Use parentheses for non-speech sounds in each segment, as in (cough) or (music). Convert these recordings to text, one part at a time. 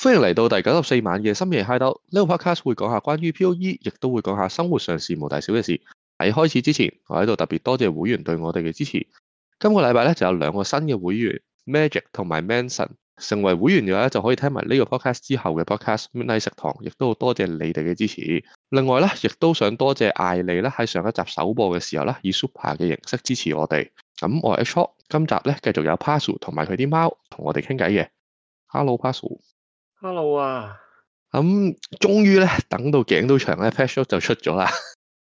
歡迎嚟到第九十四晚嘅深夜 Hideout。呢個 podcast 會講下關於 POE，亦都會講下生活上事無大小嘅事。喺開始之前，我喺度特別多謝會員對我哋嘅支持。今個禮拜咧就有兩個新嘅會員 Magic 同埋 Manson。成為會員嘅話咧就可以聽埋呢個 podcast 之後嘅 podcast 食堂，亦都多謝你哋嘅支持。另外咧，亦都想多謝艾莉咧喺上一集首播嘅時候咧以 super 嘅形式支持我哋。咁我係 Shok，今集咧繼續有 Parcel 同埋佢啲貓同我哋傾偈嘅。Hello，Parcel。hello 啊，咁、嗯、終於咧等到頸都長咧 (noise) ，Patch Note 就出咗啦。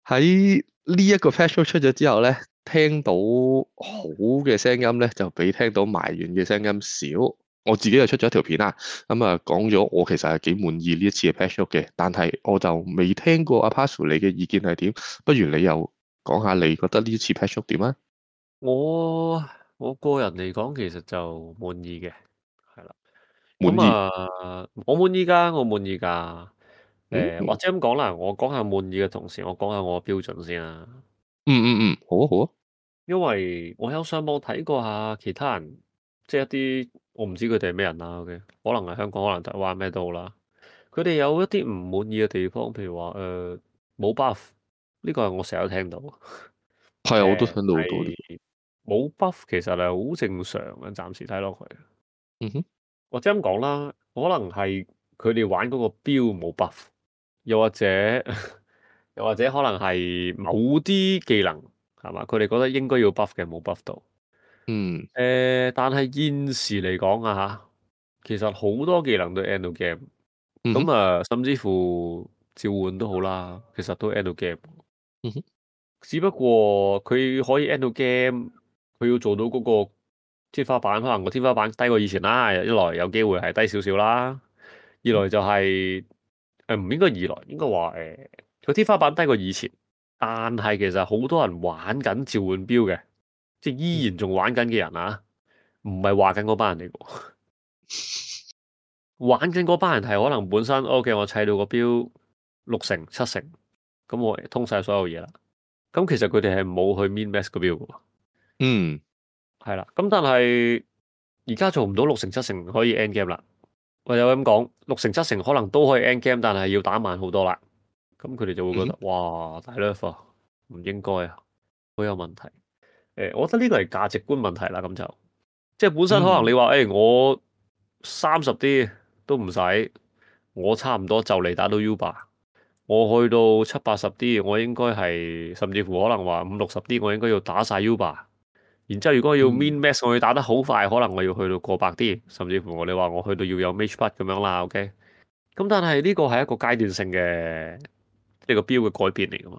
喺呢一個 Patch Note 出咗之後咧，聽到好嘅聲音咧，就比聽到埋怨嘅聲音少。我自己又出咗條片啦，咁、嗯、啊講咗我其實係幾滿意呢一次 Patch Note 嘅，但係我就未聽過阿 Pasu 你嘅意見係點，不如你又講下你覺得呢次 Patch Note 點啊？我我個人嚟講，其實就滿意嘅。咁啊，我滿意噶，我滿意噶。誒、呃嗯，或者咁講啦，我講下滿意嘅同時，我講下我標準先啦、啊。嗯嗯嗯，好啊好啊。因為我有上網睇過下其他人，即係一啲我唔知佢哋係咩人啊，okay, 可能係香港，可能台灣咩都好啦。佢哋有一啲唔滿意嘅地方，譬如話誒冇 buff，呢個係我成日都聽到。係、嗯、啊、嗯，我都聽到好多啲冇 buff 其實係好正常嘅，暫時睇落去。嗯哼。我即咁講啦，可能係佢哋玩嗰個 build 冇 buff，又或者又或者可能係某啲技能係嘛，佢哋覺得應該要 buff 嘅冇 buff 到。嗯，誒、呃，但係現時嚟講啊，吓，其實好多技能都 end 到 game，咁、嗯、啊，甚至乎召喚都好啦，其實都 end 到 game。嗯哼，只不過佢可以 end 到 game，佢要做到嗰、嗰個。天花板可能個天花板低過以前啦，一來有機會係低少少啦，二來就係誒唔應該二來，應該話誒個天花板低過以前，但係其實好多人玩緊召喚標嘅，即係依然仲玩緊嘅人啊，唔係話緊嗰班人嚟嘅， (laughs) 玩緊嗰班人係可能本身 OK，我砌到個標六成七成，咁我通晒所有嘢啦，咁其實佢哋係冇去 min max 個標嘅。嗯。係啦，咁但係而家做唔到六成七成可以 end game 啦，或者咁講六成七成可能都可以 end game，但係要打慢好多啦。咁佢哋就會覺得、嗯、哇，大佬唔應該啊，好有問題。誒、欸，我覺得呢個係價值觀問題啦。咁就即係本身可能你話誒、嗯欸，我三十 D 都唔使，我差唔多就嚟打到 Uber。我去到七八十 D，我應該係甚至乎可能話五六十 D，我應該要打晒 Uber。然之後，如果要 min max，我要打得好快，可能我要去到過百啲，甚至乎我你話我去到要有 match cut 咁樣啦。OK，咁但係呢個係一個階段性嘅，呢個標嘅改變嚟噶嘛。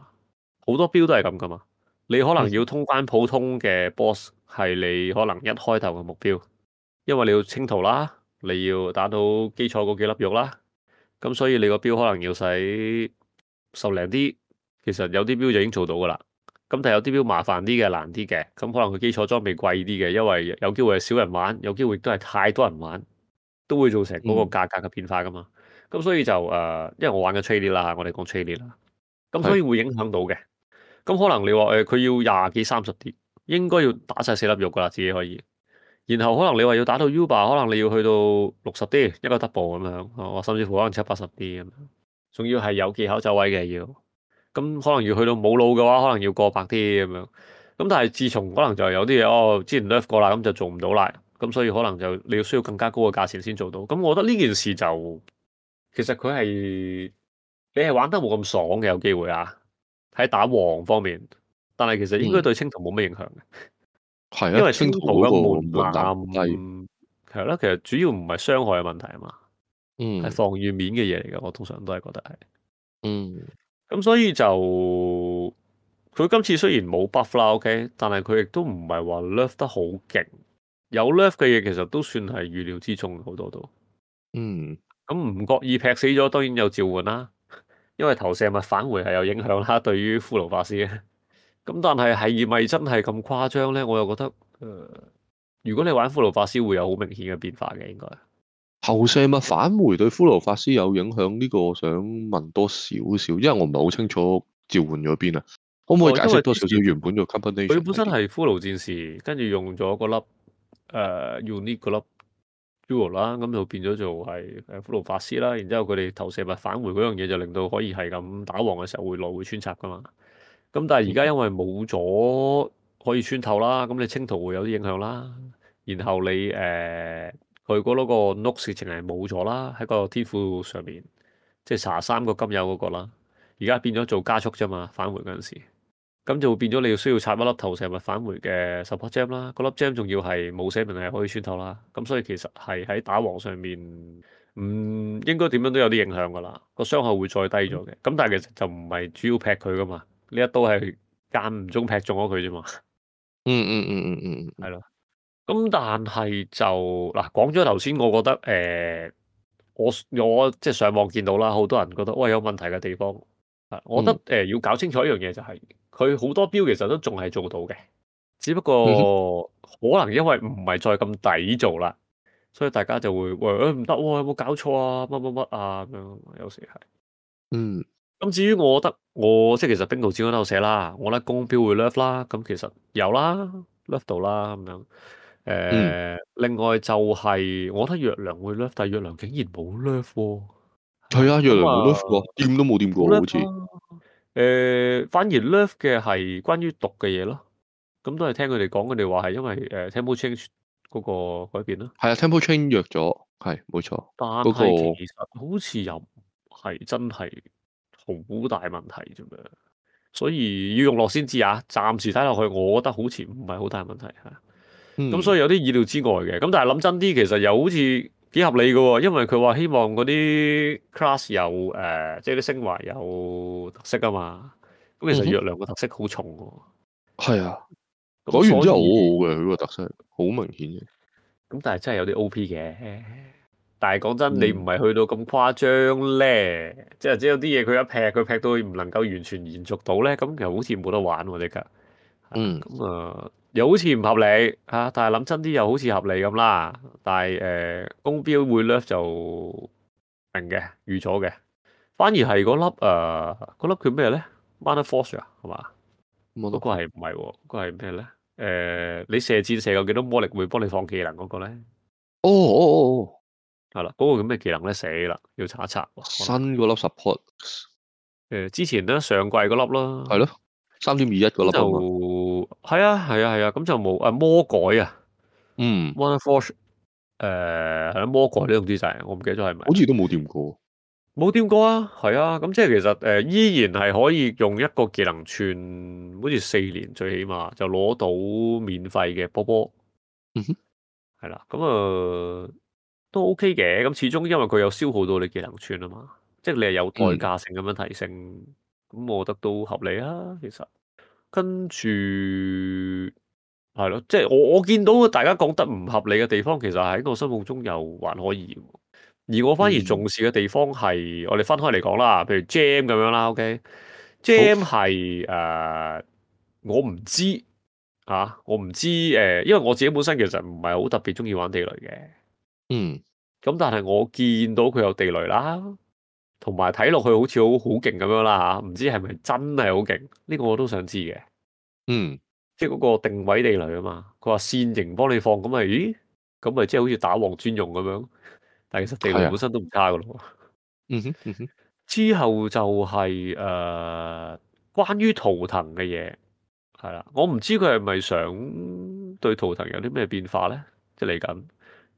好多標都係咁噶嘛。你可能要通關普通嘅 boss 係你可能一開頭嘅目標，因為你要清圖啦，你要打到基礎嗰幾粒肉啦。咁所以你個標可能要使十零啲，其實有啲標就已經做到噶啦。咁但係有啲表麻煩啲嘅，難啲嘅，咁可能佢基礎裝備貴啲嘅，因為有機會係少人玩，有機會都係太多人玩，都會造成嗰個價格嘅變化噶嘛。咁、嗯、所以就誒、呃，因為我玩緊 trading 啦，我哋講 trading 啦，咁所以會影響到嘅。咁可能你話佢、呃、要廿幾三十啲，應該要打晒四粒肉噶啦，自己可以。然後可能你話要打到 Uber，可能你要去到六十啲一個 double 咁樣、呃，甚至乎可能七八十啲咁樣，仲要係有技巧走位嘅要。咁可能要去到冇腦嘅話，可能要過百啲咁樣。咁但係自從可能就有啲嘢，哦，之前 nerf 過啦，咁就做唔到啦。咁所以可能就你要需要更加高嘅價錢先做到。咁我覺得呢件事就其實佢係你係玩得冇咁爽嘅，有機會啊，喺打王方面。但係其實應該對青銅冇咩影響嘅，係啊，因為青銅嘅門檻係係咯，其實主要唔係傷害嘅問題啊嘛，嗯，係防禦面嘅嘢嚟嘅，我通常都係覺得係，嗯。咁所以就佢今次雖然冇 buff 啦，OK，但係佢亦都唔係話 nerf 得好勁，有 nerf 嘅嘢，其實都算係預料之中好多都。嗯，咁唔覺意劈死咗，當然有召喚啦，因為投射物返回係有影響啦，對於骷髏法師。咁 (laughs) 但係係咪真係咁誇張咧？我又覺得，誒、呃，如果你玩骷髏法師會有好明顯嘅變化嘅，應該。投射物返回對骷髏法師有影響呢，這個我想問多少少，因為我唔係好清楚召喚咗邊啊，可唔可以解釋多少少，原本嘅 combination 佢本身係骷髏戰士，跟住用咗個粒誒 unique 個粒 jewel 啦，咁就變咗做係誒骷髏法師啦。然之後佢哋投射物返回嗰樣嘢就令到可以係咁打王嘅時候會來回穿插噶嘛。咁但係而家因為冇咗可以穿透啦，咁你清圖會有啲影響啦。然後你誒。呃佢嗰個個 nukes 成日冇咗啦，喺個天賦上面，即係卅三個金有嗰個啦，而家變咗做加速啫嘛，返回嗰陣時，咁就變咗你要需要插一粒投射物返回嘅 support gem 啦，嗰粒 gem 仲要係冇寫明係可以穿透啦，咁所以其實係喺打王上面，唔、嗯、應該點樣都有啲影響㗎啦，個傷害會再低咗嘅，咁但係其實就唔係主要劈佢㗎嘛，呢一刀係間唔中劈中咗佢啫嘛，嗯嗯嗯嗯嗯嗯，係咯。咁但係就嗱講咗頭先，我覺得誒，我我即係上網見到啦，好多人覺得喂有問題嘅地方，我覺得誒要搞清楚一樣嘢就係佢好多標其實都仲係做到嘅，只不過、嗯、可能因為唔係再咁抵做啦，所以大家就會喂唔得、欸、有冇搞錯啊？乜乜乜啊，咁樣有時係，嗯。咁至於我覺得我即係其實冰島紙我都有寫啦，我覺得公標會 nerf 啦，咁其實有啦 nerf 到啦咁樣。誒、呃嗯，另外就係、是，我覺得若良會 l e f t 但若良竟然冇 left，係啊，若、嗯、良冇 l e f t 啊，掂都冇掂過、嗯、好似。誒、啊呃，反而 l e f t 嘅係關於毒嘅嘢咯，咁都係聽佢哋講，佢哋話係因為誒、呃、temple change 嗰個改變啦、啊。係啊，temple change 弱咗，係冇錯。但係、那個、其實好似又唔係真係好大問題啫嘛，所以要用落先知啊。暫時睇落去，我覺得好似唔係好大問題吓、啊。咁、嗯、所以有啲意料之外嘅，咁但係諗真啲，其實又好似幾合理嘅、哦，因為佢話希望嗰啲 class 有誒，即係啲升華有特色啊嘛。咁其實弱梁嘅特色好重。係啊，講、嗯啊、完真係好好嘅，佢、這個特色好明顯嘅。咁但係真係有啲 OP 嘅，但係講真，你唔係去到咁誇張咧，即係即係有啲嘢佢一劈，佢劈到佢唔能夠完全延續到咧，咁又好似冇得玩喎、啊，即係。嗯，咁啊。嗯又好似唔合理嚇、啊，但係諗真啲又好似合理咁啦。但係誒、呃，攻標會 lift 就明嘅，預咗嘅。反而係嗰粒誒，嗰粒叫咩咧？Manaforged 啊，係嘛？嗰、那個係唔係？嗰、那個係咩咧？誒、呃，你射箭射夠幾多魔力會幫你放技能嗰個咧？哦哦哦，係、哦、啦，嗰、那個叫咩技能咧？死啦，要查一查。新嗰粒 support 誒、呃，之前咧上季嗰粒啦。係咯，三點二一嗰粒啊。係啊，係啊，係啊，咁就冇啊魔改啊，嗯，One Force，誒，魔改呢種姿勢，我唔記得咗係咪？好似都冇掂過，冇掂過啊，係啊，咁即係其實誒、呃，依然係可以用一個技能串，好似四年最起碼就攞到免費嘅波波，嗯哼，係啦、啊，咁啊、呃、都 OK 嘅，咁始終因為佢有消耗到你技能串啊嘛，即係你係有代價性咁樣提升，咁、嗯、我覺得都合理啊，其實。跟住係咯，即係我我見到大家講得唔合理嘅地方，其實喺我心目中又還可以。而我反而重視嘅地方係、嗯，我哋分開嚟講啦，譬如 Gem 咁樣啦 OK、okay? Gem 係誒、呃，我唔知啊，我唔知誒、呃，因為我自己本身其實唔係好特別中意玩地雷嘅，嗯，咁但係我見到佢有地雷啦。同埋睇落去好似好好勁咁樣啦嚇，唔知係咪真係好勁？呢、呢個我都想知嘅。嗯，即係嗰個定位地雷啊嘛。佢話線形幫你放咁咪，咦咁咪即係好似打王專用咁樣。但其實地雷本身都唔差噶咯。嗯哼嗯之後就係、是、誒、呃、關於圖騰嘅嘢係啦，我唔知佢係咪想對圖騰有啲咩變化咧，即係嚟緊。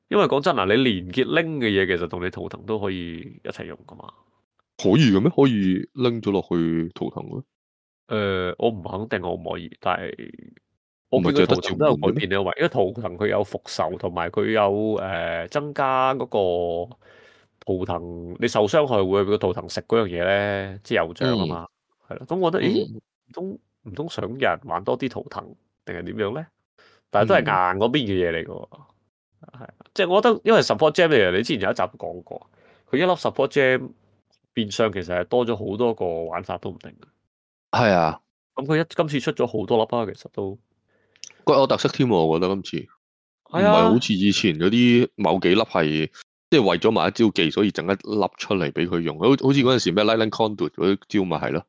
因為講真啊，你連結拎嘅嘢其實同你圖騰都可以一齊用噶嘛。可以嘅咩？可以拎咗落去圖騰嘅？誒、呃，我唔肯定我可唔可以，但係我覺得圖騰都有改變嘅位，因為圖騰佢有復仇，同埋佢有誒、呃、增加嗰個圖騰。你受傷害會俾個圖騰食嗰樣嘢咧，滋、即係、有獎啊嘛，係、嗯、咯。咁我覺得，咦、欸，唔通唔通想人玩多啲圖騰定係點樣咧？但係都係硬嗰邊嘅嘢嚟嘅，係即係我覺得，因為 support gem 嚟嘅，你之前有一集講過，佢一粒 support gem。變相其實係多咗好多個玩法都唔定嘅。係啊，咁佢一今次出咗好多粒啊，其實都各有特色添喎，我覺得今次。係啊。唔係好似以前嗰啲某幾粒係即係為咗買一招技，所以整一粒出嚟俾佢用。好好似嗰陣時咩 Lightning Conduit 嗰啲招咪係咯，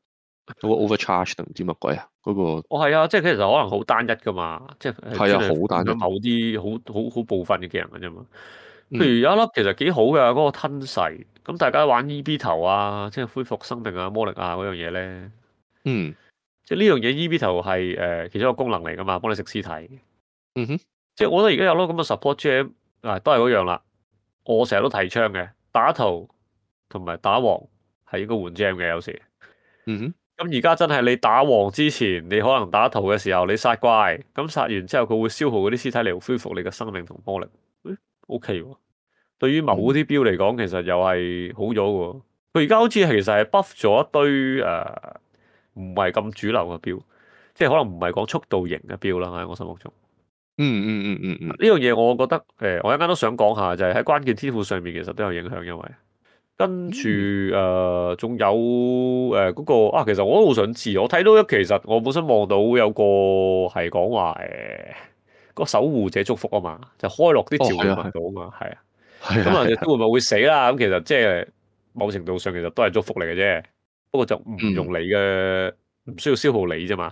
嗰、那個、Overcharge 定唔知乜鬼啊嗰、那個。我、哦、係啊，即係其實可能好單一噶嘛，即係係啊，好單一、就是、某啲好好好部分嘅技能嘅啫嘛。譬如有一粒其實幾好嘅嗰、嗯那個吞噬。咁大家玩 E.B 頭啊，即係恢復生命啊、魔力啊嗰樣嘢咧，嗯，即係呢樣嘢 E.B 頭係誒、呃、其中一個功能嚟噶嘛幫你食屍體，嗯哼，即係我覺得而家有咯咁嘅 support gem，嗱、哎、都係嗰樣啦，我成日都提倡嘅打圖同埋打王係應該換 gem 嘅有時，嗯哼，咁而家真係你打王之前，你可能打圖嘅時候你殺怪，咁殺完之後佢會消耗嗰啲屍體嚟恢復你嘅生命同魔力，誒、哎、O.K. 喎、啊。對於某啲標嚟講，其實又係好咗嘅。佢而家好似其實係 buff 咗一堆誒，唔係咁主流嘅標，即係可能唔係講速度型嘅標啦。喺我心目中，嗯嗯嗯嗯嗯，呢樣嘢我覺得誒，我一陣都想講下，就係喺關鍵天賦上面其實都有影響，因為跟住誒，仲有誒嗰個啊，其實我都好想知，我睇到其實我本身望到有個係講話誒，個守護者祝福啊嘛，就開落啲召喚物度啊嘛，係啊。咁啊，都會唔會死啦？咁其實即係某程度上，其實都係祝福嚟嘅啫。不過就唔用你嘅，唔、嗯、需要消耗你啫嘛。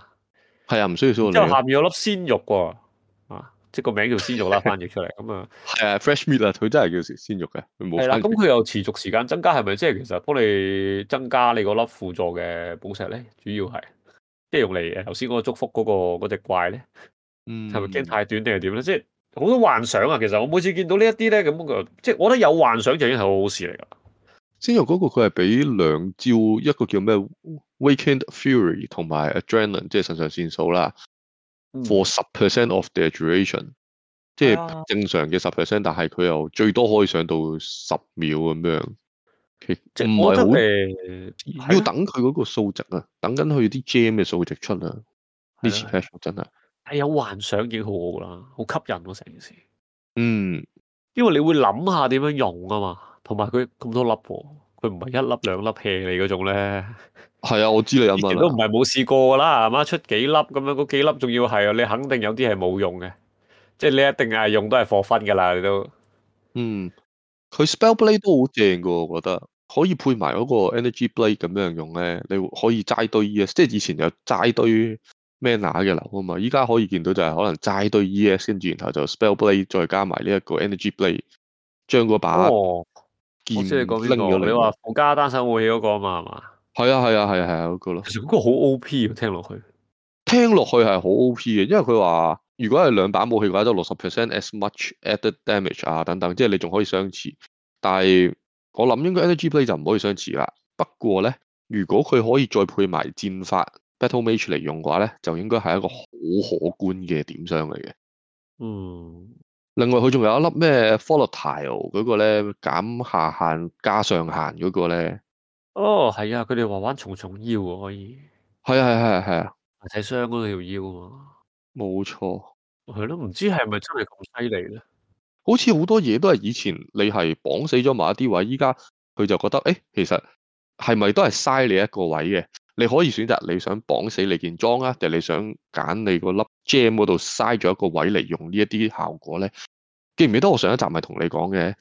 係啊，唔需要消耗你。之後下面有粒鮮肉喎，啊，即係個名叫鮮肉啦，翻譯出嚟咁啊。係 fresh meat 啊，佢、嗯、真係叫鮮肉嘅，佢冇，係啦。咁佢又持續時間增加，係咪即係其實幫你增加你嗰粒輔助嘅寶石咧？主要係即係用嚟誒頭先嗰個祝福嗰、那個嗰隻、那個、怪咧，係咪驚太短定係點咧先？好多幻想啊！其實我每次見到呢一啲咧，咁、那個即係我覺得有幻想就已經係好好事嚟噶。先由嗰個佢係俾兩招，一個叫咩 Wakened Fury 同埋 Adrenaline，即係腎上腺素啦。嗯、for 十 percent of the duration，嗯、即係正常嘅十 percent，但係佢又最多可以上到十秒咁樣。唔係好，要等佢嗰個數值啊，啊等緊佢啲 gem 嘅數值出啦、啊。呢次、啊、真係。哎、有幻想已經好好啦，好吸引咯、啊、成件事。嗯，因為你會諗下點樣用啊嘛，同埋佢咁多粒喎，佢唔係一粒兩粒 hea 你嗰種咧。係啊，我知你諗緊。都唔係冇試過啦，係嘛出幾粒咁樣，嗰幾粒仲要係啊，你肯定有啲係冇用嘅，即係你一定係用都係放分噶啦，你都。嗯，佢 spell blade 都好正噶，我覺得可以配埋嗰個 energy blade 咁樣用咧。你可以齋堆啊，即係以前有齋堆。咩乸嘅流啊嘛，依家可以見到就係可能齋堆 ES 跟住然後就 Spell Blade 再加埋呢一個 Energy Blade，將嗰把劍拎咗你話附加單手武器嗰個啊嘛係嘛？係啊係啊係啊係啊嗰個咯，嗰個好 OP 嘅聽落去，聽落去係好 OP 嘅，因為佢話如果係兩把武器嘅話都六十 percent as much added damage 啊等等，即係你仲可以相似。但係我諗應該 Energy Blade 就唔可以相似啦。不過咧、啊，如果佢可以再配埋戰法。Battlemage 嚟用嘅話咧，就應該係一個好可觀嘅點傷嚟嘅。嗯，另外佢仲有一粒咩 volatile 嗰個咧，減下限加上限嗰個咧。哦，係啊，佢哋玩玩重重腰、啊、可以。係啊，係啊，係啊，係啊，睇傷嗰條腰啊。冇錯，係咯、啊，唔知係咪真係咁犀利咧？好似好多嘢都係以前你係綁死咗某一啲位，依家佢就覺得，誒、欸，其實係咪都係嘥你一個位嘅？你可以選擇你想綁死你件裝啊，定你想揀你個粒 gem 嗰度嘥咗一個位嚟用呢一啲效果咧？記唔記得我上一集咪同你講嘅？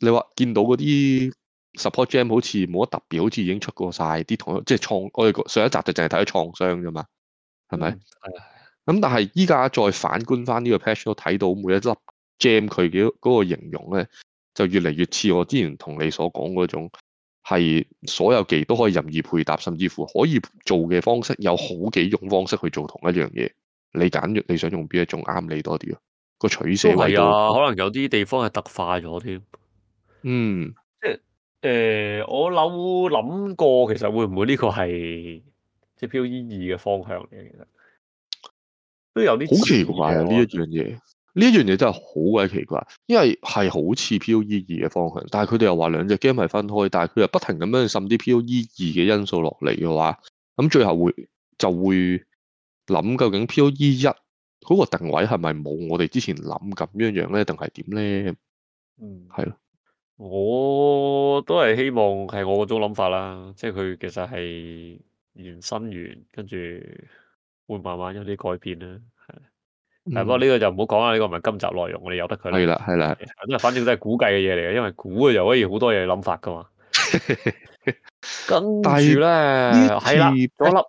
你話見到嗰啲 support gem 好似冇乜特別，好似已經出過晒啲同即係創，我哋上一集就淨係睇咗創傷啫嘛，係咪？咁、嗯、但係依家再反觀翻呢個 patch，都睇到每一粒 gem 佢嘅嗰個形容咧，就越嚟越似我之前同你所講嗰種。係所有技都可以任意配搭，甚至乎可以做嘅方式有好幾種方式去做同一樣嘢。你揀你想用邊一種啱你多啲咯？個取捨係啊，可能有啲地方係特化咗添。嗯，即係誒，我諗諗過其會會的的，其實會唔會呢個係即係 PoE2 嘅方向嘅？其實都有啲好奇怪啊呢一樣嘢。呢樣嘢真係好鬼奇怪，因為係好似 POE 二嘅方向，但係佢哋又話兩隻 game 係分開，但係佢又不停咁樣滲啲 POE 二嘅因素落嚟嘅話，咁最後會就會諗究竟 POE 一嗰個定位係咪冇我哋之前諗咁樣呢樣咧，定係點咧？嗯，係咯，我都係希望係我嗰種諗法啦，即係佢其實係原生完，跟住會慢慢有啲改變啦。係、嗯，不過呢個就唔好講啦，呢、這個唔係今集內容，我哋由得佢。係啦，係啦，咁啊，反正都係估計嘅嘢嚟嘅，因為估又可以好多嘢諗法噶嘛。 (laughs) (laughs) 跟住咧，係啦，咗粒，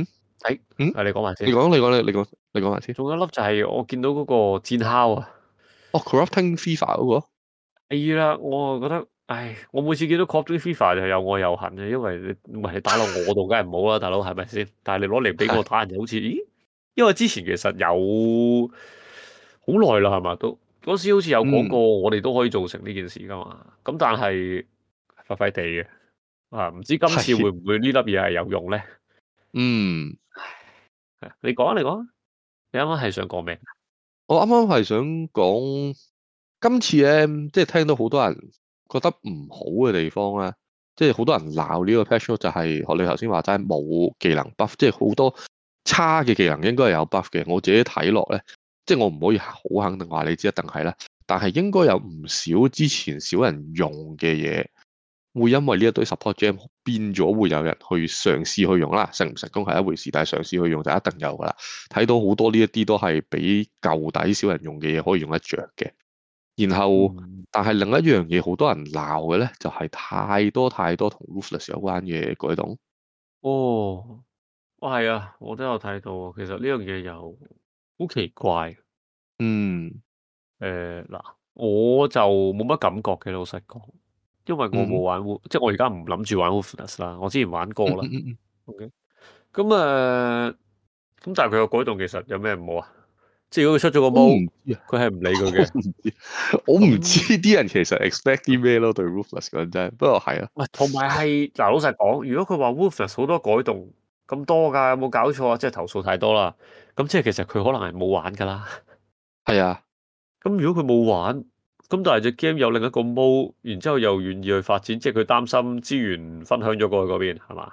嗯，係，嗯，係你講埋先，你講，你講，你你講，你講埋先。仲有一粒就係我見到嗰個戰吼啊，哦 Corrupting Fever 嗰、那個，哎呀，我啊覺得，唉，我每次見到 Corrupting Fever 就有又愛又恨嘅，因為你唔係打落我度，梗係唔好啦，大佬係咪先？但係你攞嚟俾我打，人就好似咦？因為之前其實有好耐啦，係嘛？都嗰時好似有講、那、過、個嗯，我哋都可以做成呢件事噶嘛。咁但係快快地嘅啊，唔知道今次會唔會呢粒嘢係有用咧？嗯，你講啊，你講啊，你啱啱係想講咩？我啱啱係想講今次咧，即、就、係、是、聽到好多人覺得唔好嘅地方咧，即係好多人鬧呢個 patch note 就係、是、學你頭先話齋冇技能 buff，即係好多。差嘅技能應該係有 buff 嘅，我自己睇落咧，即係我唔可以好肯定話你知一定係啦。但係應該有唔少之前少人用嘅嘢，會因為呢一堆 support gem 變咗，會有人去嘗試去用啦。成唔成功係一回事，但係嘗試去用就一定有噶啦。睇到好多呢一啲都係比舊底少人用嘅嘢可以用得着嘅。然後，但係另一樣嘢好多人鬧嘅咧，就係、是、太多太多同 Ruthless 有關嘅改動。哦。我、哦、係啊，我都有睇到啊。其實呢樣嘢又好奇怪。嗯，誒、呃、嗱，我就冇乜感覺嘅老實講，因為我冇玩，嗯、即係我而家唔諗住玩 Ruthless 啦。我之前玩過啦。O、嗯、K。咁、嗯、誒、咁、okay? 嗯呃、但係佢個改動其實有咩唔好啊？即係如果佢出咗個魔，佢係唔理佢嘅。我唔知啲 (laughs) 知 (laughs) 知 (laughs) (laughs) 人其實 expect 啲咩咯？對 Ruthless 講真，不過係啊。喂，同埋係嗱，老實講，如果佢話 Ruthless 好多改動。咁多噶，有冇搞錯啊？即係投訴太多啦，咁即係其實佢可能係冇玩噶啦。係啊，咁如果佢冇玩，咁但係隻 game 有另一個 mode 然之後又願意去發展，即係佢擔心資源分享咗過去嗰邊係嘛？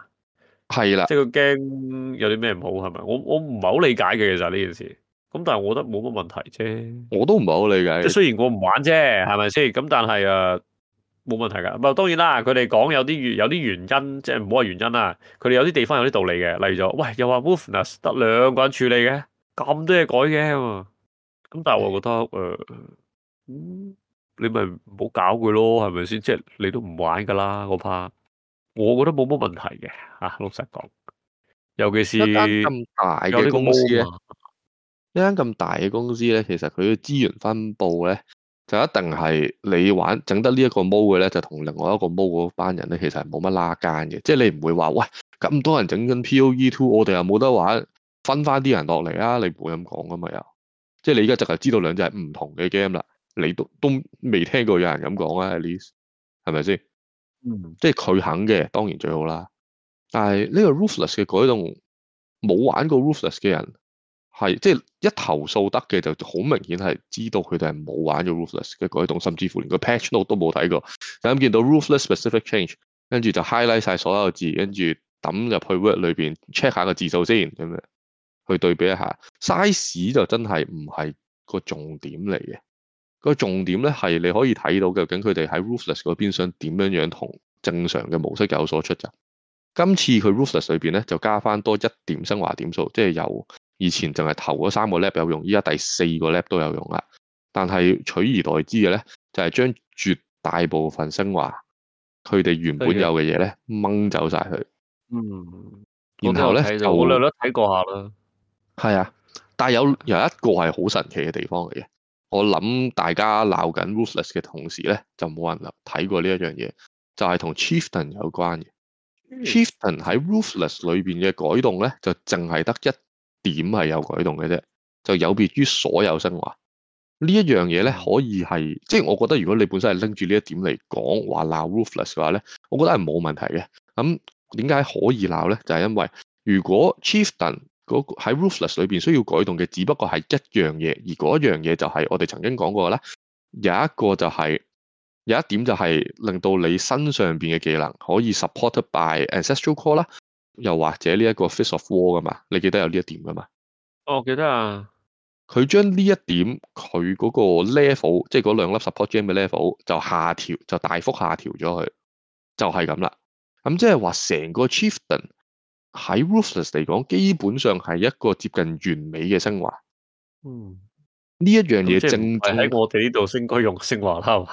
係啦、啊，即係佢驚有啲咩唔好係咪？我我唔係好理解嘅其實呢件事，咁但係我覺得冇乜問題啫。我都唔係好理解，即雖然我唔玩啫，係咪先？咁但係啊。冇問題㗎，唔係當然啦。佢哋講有啲原有啲原因，即係唔好話原因啦。佢哋有啲地方有啲道理嘅，例如就喂，又話 Ruthless 得兩個人處理嘅，咁多嘢改嘅嘛。咁但係我覺得誒，嗯，你咪唔好搞佢咯，係咪先？即係你都唔玩㗎啦，我怕。我覺得冇乜問題嘅嚇，老實講。尤其是一間咁大嘅公司啊，一間咁大嘅公司咧，其實佢嘅資源分佈咧。就一定係你玩整得呢一個模嘅咧，就同另外一個模嗰班人咧，其實係冇乜拉間嘅。即係你唔會話喂，咁多人整緊 P.O.E. Two，我哋又冇得玩，分翻啲人落嚟啊！你唔會咁講噶嘛又即係你而家就係知道兩隻係唔同嘅 game 啦。你都都未聽過有人咁講啊 at least 係咪先？即係佢肯嘅，當然最好啦。但係呢個 Ruthless 嘅改動，冇玩過 Ruthless 嘅人，係，即係一投訴得嘅就好明顯係知道佢哋係冇玩咗 Ruthless 嘅改動，甚至乎連個 patch note 都冇睇過。但咁見到 Ruthless specific change，跟住就 highlight 晒所有字，跟住抌入去 Word 裏邊 check 下個字數先咁樣，去對比一下 size 就真係唔係個重點嚟嘅。個重點咧係你可以睇到究竟佢哋喺 Ruthless 嗰邊想點樣樣同正常嘅模式有所出入。今次佢 Ruthless 裏面咧就加翻多一點升華點數，即係有。以前淨係頭嗰三個 lab 有用，依家第四個 lab 都有用啦。但係取而代之嘅咧，就係、是、將絕大部分升華佢哋原本有嘅嘢咧，掹走晒佢。嗯，然後咧，我略得睇過下啦，係啊。但係有有一個係好神奇嘅地方嚟嘅。我諗大家鬧緊《Ruthless》嘅同時咧，就冇人睇過呢一樣嘢，就係、是、同 Chieftain 有關嘅 Chieftain 喺《Ruthless》裏邊嘅改動咧，就淨係得一。點係有改動嘅啫，就有別於所有升華。呢一樣嘢咧，可以係即係我覺得，如果你本身係拎住呢一點嚟講話鬧 Ruthless 嘅話咧，我覺得係冇問題嘅。咁點解可以鬧咧？就係、是、因為如果 Chieftain 嗰喺 Ruthless 裏邊需要改動嘅，只不過係一樣嘢，而嗰一樣嘢就係我哋曾經講過嘅咧，有一個就係、是、有一點就係令到你身上邊嘅技能可以 supported by ancestral call 啦。又或者呢一個 Fist of War 噶嘛？你記得有呢一點噶嘛？哦，記得啊！佢將呢一點佢嗰個 level，即係嗰兩粒 support gem 嘅 level 就下調，就大幅下調咗佢，就係咁啦。咁即係話成個 Chieftain 喺 Ruthless 嚟講，基本上係一個接近完美嘅升華。嗯，呢一樣嘢正正喺、嗯、我哋呢度先該用升華啦。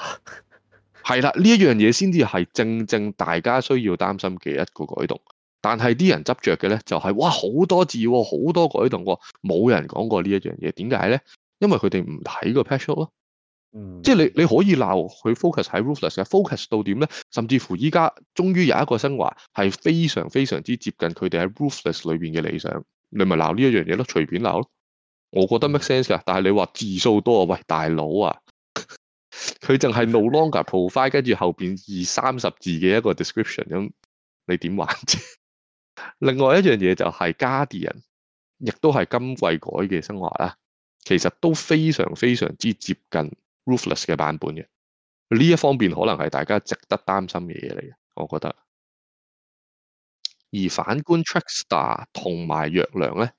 係 (laughs) 啦，呢一樣嘢先至係正正大家需要擔心嘅一個改動。但係啲人執着嘅咧，就係、是、哇好多字、哦，好多改動喎、哦，冇人講過呢一樣嘢。點解咧？因為佢哋唔睇個 patch note 咯。即係你你可以鬧佢 focus 喺 Ruthless，focus、mm. 到點咧？甚至乎依家終於有一個昇華，係非常非常之接近佢哋喺 Ruthless 裏面嘅理想。你咪鬧呢一樣嘢咯，隨便鬧咯。我覺得 make sense 㗎。但係你話字數多啊？喂，大佬啊，佢淨係 no longer provide，跟住後面二三十字嘅一個 description 咁，你點玩啫？另外一樣嘢就係 Guardian，亦都係今季改嘅升華啦，其實都非常非常之接近 Ruthless 嘅版本嘅，呢一方面可能係大家值得擔心嘅嘢嚟，我覺得。而反觀 Trickster 同埋藥量咧，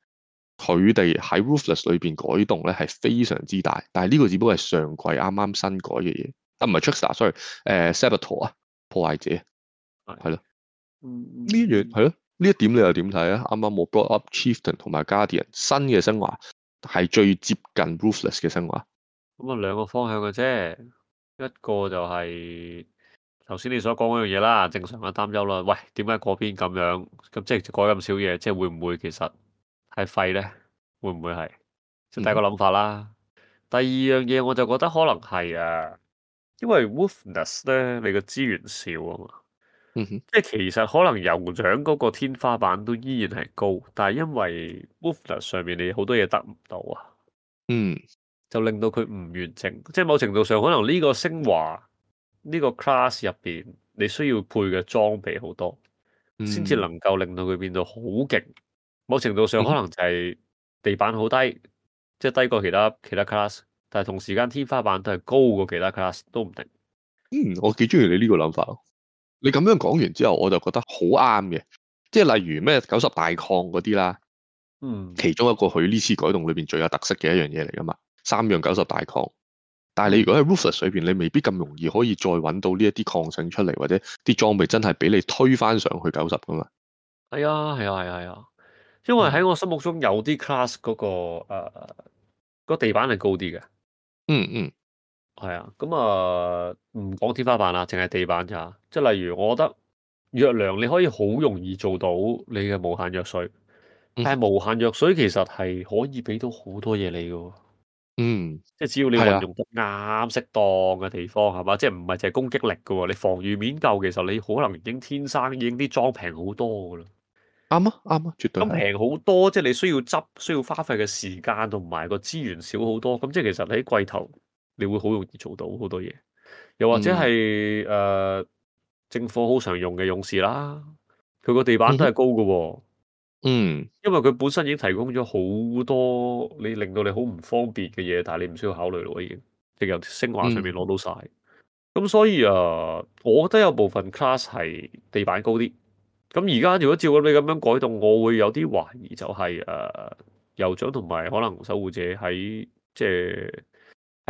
佢哋喺 Ruthless 裏邊改動咧，係非常之大，但係呢個只不過係上季啱啱新改嘅嘢，啊唔係 Trickster，Sorry、呃、誒 Saboteur 啊，破壞者係咯，呢樣係咯。呢一點你又點睇啊？啱啱冇 brought up Chieftain 同埋 Guardian 新嘅升華係最接近 Ruthless 嘅升華。咁啊，兩個方向嘅啫。一個就係頭先你所講嗰樣嘢啦，正常嘅擔憂啦。喂，點解嗰邊咁樣？咁即係改咁少嘢，即係會唔會其實係廢咧？會唔會係？即第一個諗法啦。嗯。第二樣嘢我就覺得可能係啊，因為 Ruthless 咧，你個資源少啊嘛。即、嗯、係其實可能酋長嗰個天花板都依然係高，但係因為 movement 上面你好多嘢得唔到啊，嗯，就令到佢唔完整。即係某程度上可能呢個升華呢個 class 入邊你需要配嘅裝備好多，先、嗯、至能夠令到佢變到好勁。某程度上可能就係地板好低，即、嗯、係、就是、低過其他其他 class，但係同時間天花板都係高過其他 class 都唔定。嗯，我幾中意你呢個諗法。你咁樣講完之後，我就覺得好啱嘅，即係例如咩九十大抗嗰啲啦，嗯，其中一個佢呢次改動裏邊最有特色嘅一樣嘢，嚟噶嘛，三樣九十大抗，但係你如果喺 Ruthless 裏面，你未必咁容易可以再揾到呢一啲抗性出嚟，或者啲裝備真係俾你推翻上去九十噶嘛？係啊，係啊，係啊，係啊，因為喺我心目中有啲 class 嗰、那個誒個、呃、地板係高啲嘅，嗯嗯。係啊，咁啊唔講天花板啦，淨係地板咋，即係例如我覺得藥量你可以好容易做到你嘅無限藥水，嗯、但係無限藥水其實係可以俾到好多嘢你㗎，嗯，即係只要你運用得啱適當嘅地方，係嘛、啊，即係唔係淨係攻擊力嘅，你防禦面夠，其實你可能已經天生已經啲裝平好多噶啦，啱啊，啱啊，絕對咁平好多，即係你需要執需要花費嘅時間同埋個資源少好多，咁即係其實喺季頭。你會好容易做到好多嘢，又或者係、嗯呃、政府好常用嘅勇士啦，佢個地板都係高嘅喎、哦。嗯，因為佢本身已經提供咗好多你令到你好唔方便嘅嘢，但係你唔需要考慮咯，已經即係由升華上面攞到晒。咁、嗯、所以誒、啊，我覺得有部分 class 係地板高啲。咁而家如果照你咁樣改動，我會有啲懷疑就、啊，就係誒酋長同埋可能守護者喺即係。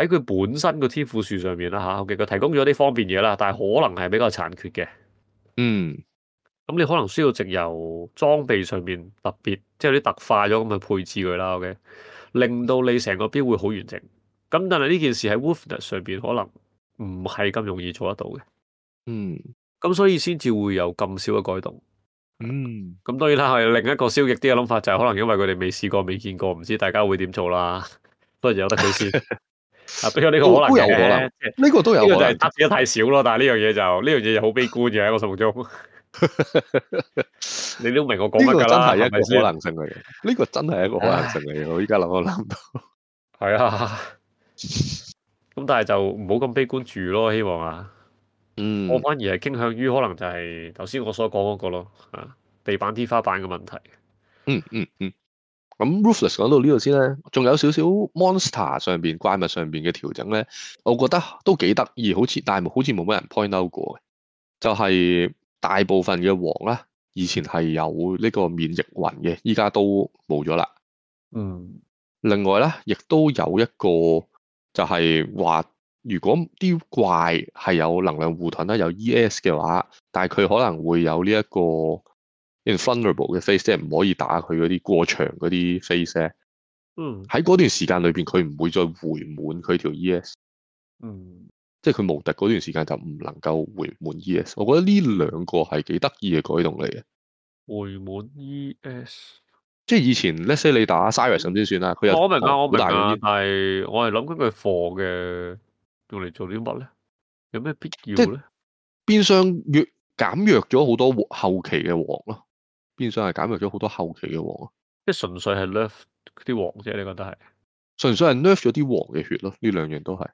喺佢本身個天賦樹上面啦嚇，OK，佢提供咗啲方便嘢啦，但係可能係比較殘缺嘅。嗯，咁你可能需要藉由裝備上面特別即係啲特化咗咁嘅配置佢啦，OK，令到你成個標會好完整。咁但係呢件事喺 Woof 上邊可能唔係咁容易做得到嘅。嗯，咁所以先至會有咁少嘅改動。嗯，咁當然啦，係另一個消極啲嘅諗法就係可能因為佢哋未試過、未見過，唔知大家會點做啦。不過有得佢先。 (laughs) 啊，都有呢個可能嘅，呢、這個都有。呢、這個就係得太少咯， (laughs) 但係呢樣嘢就呢樣嘢就好悲觀嘅，喺我心目中。你都明我講乜噶啦？呢、這個真係一個可能性嚟嘅，呢 (laughs) 不是 (laughs) 個真係一個可能性嚟嘅。這個、個 (laughs) 我依家諗都諗到，係 (laughs) 啊。咁但係就唔好咁悲觀住咯，希望啊。嗯。我反而係傾向於可能就係頭先我所講嗰個咯，啊，地板天花板嘅問題。嗯嗯嗯。嗯咁 Ruthless 講到呢度先咧，仲有少少 monster 上面怪物上邊嘅調整咧，我覺得都幾得意，好似但係好似冇乜人 point out 過嘅，就係、是、大部分嘅王啦，以前係有呢個免疫雲嘅，依家都冇咗啦。嗯，另外咧，亦都有一個就係話，如果啲怪係有能量護盾咧，有 ES 嘅話，但係佢可能會有呢、這、一個。因 f u n d a b l e 嘅 face 即係唔可以打佢嗰啲過場嗰啲 face 咧，嗯，喺嗰段時間裏邊，佢唔會再回滿佢條 es，嗯，即係佢無敵嗰段時間就唔能夠回滿 es，我覺得呢兩個係幾得意嘅改動嚟嘅。回滿 es，即係以前，let’s say 你打 Sirus 先算啦，佢又難，我明我明的 ES, 但係我係諗緊佢貨嘅用嚟做啲乜咧，有咩必要咧？變相越減弱咗好多後期嘅黃咯。變相係減弱咗好多後期嘅王，即係純粹係 nerf 啲王啫。你覺得係？純粹係 nerf 咗啲王嘅血咯，呢兩樣都係。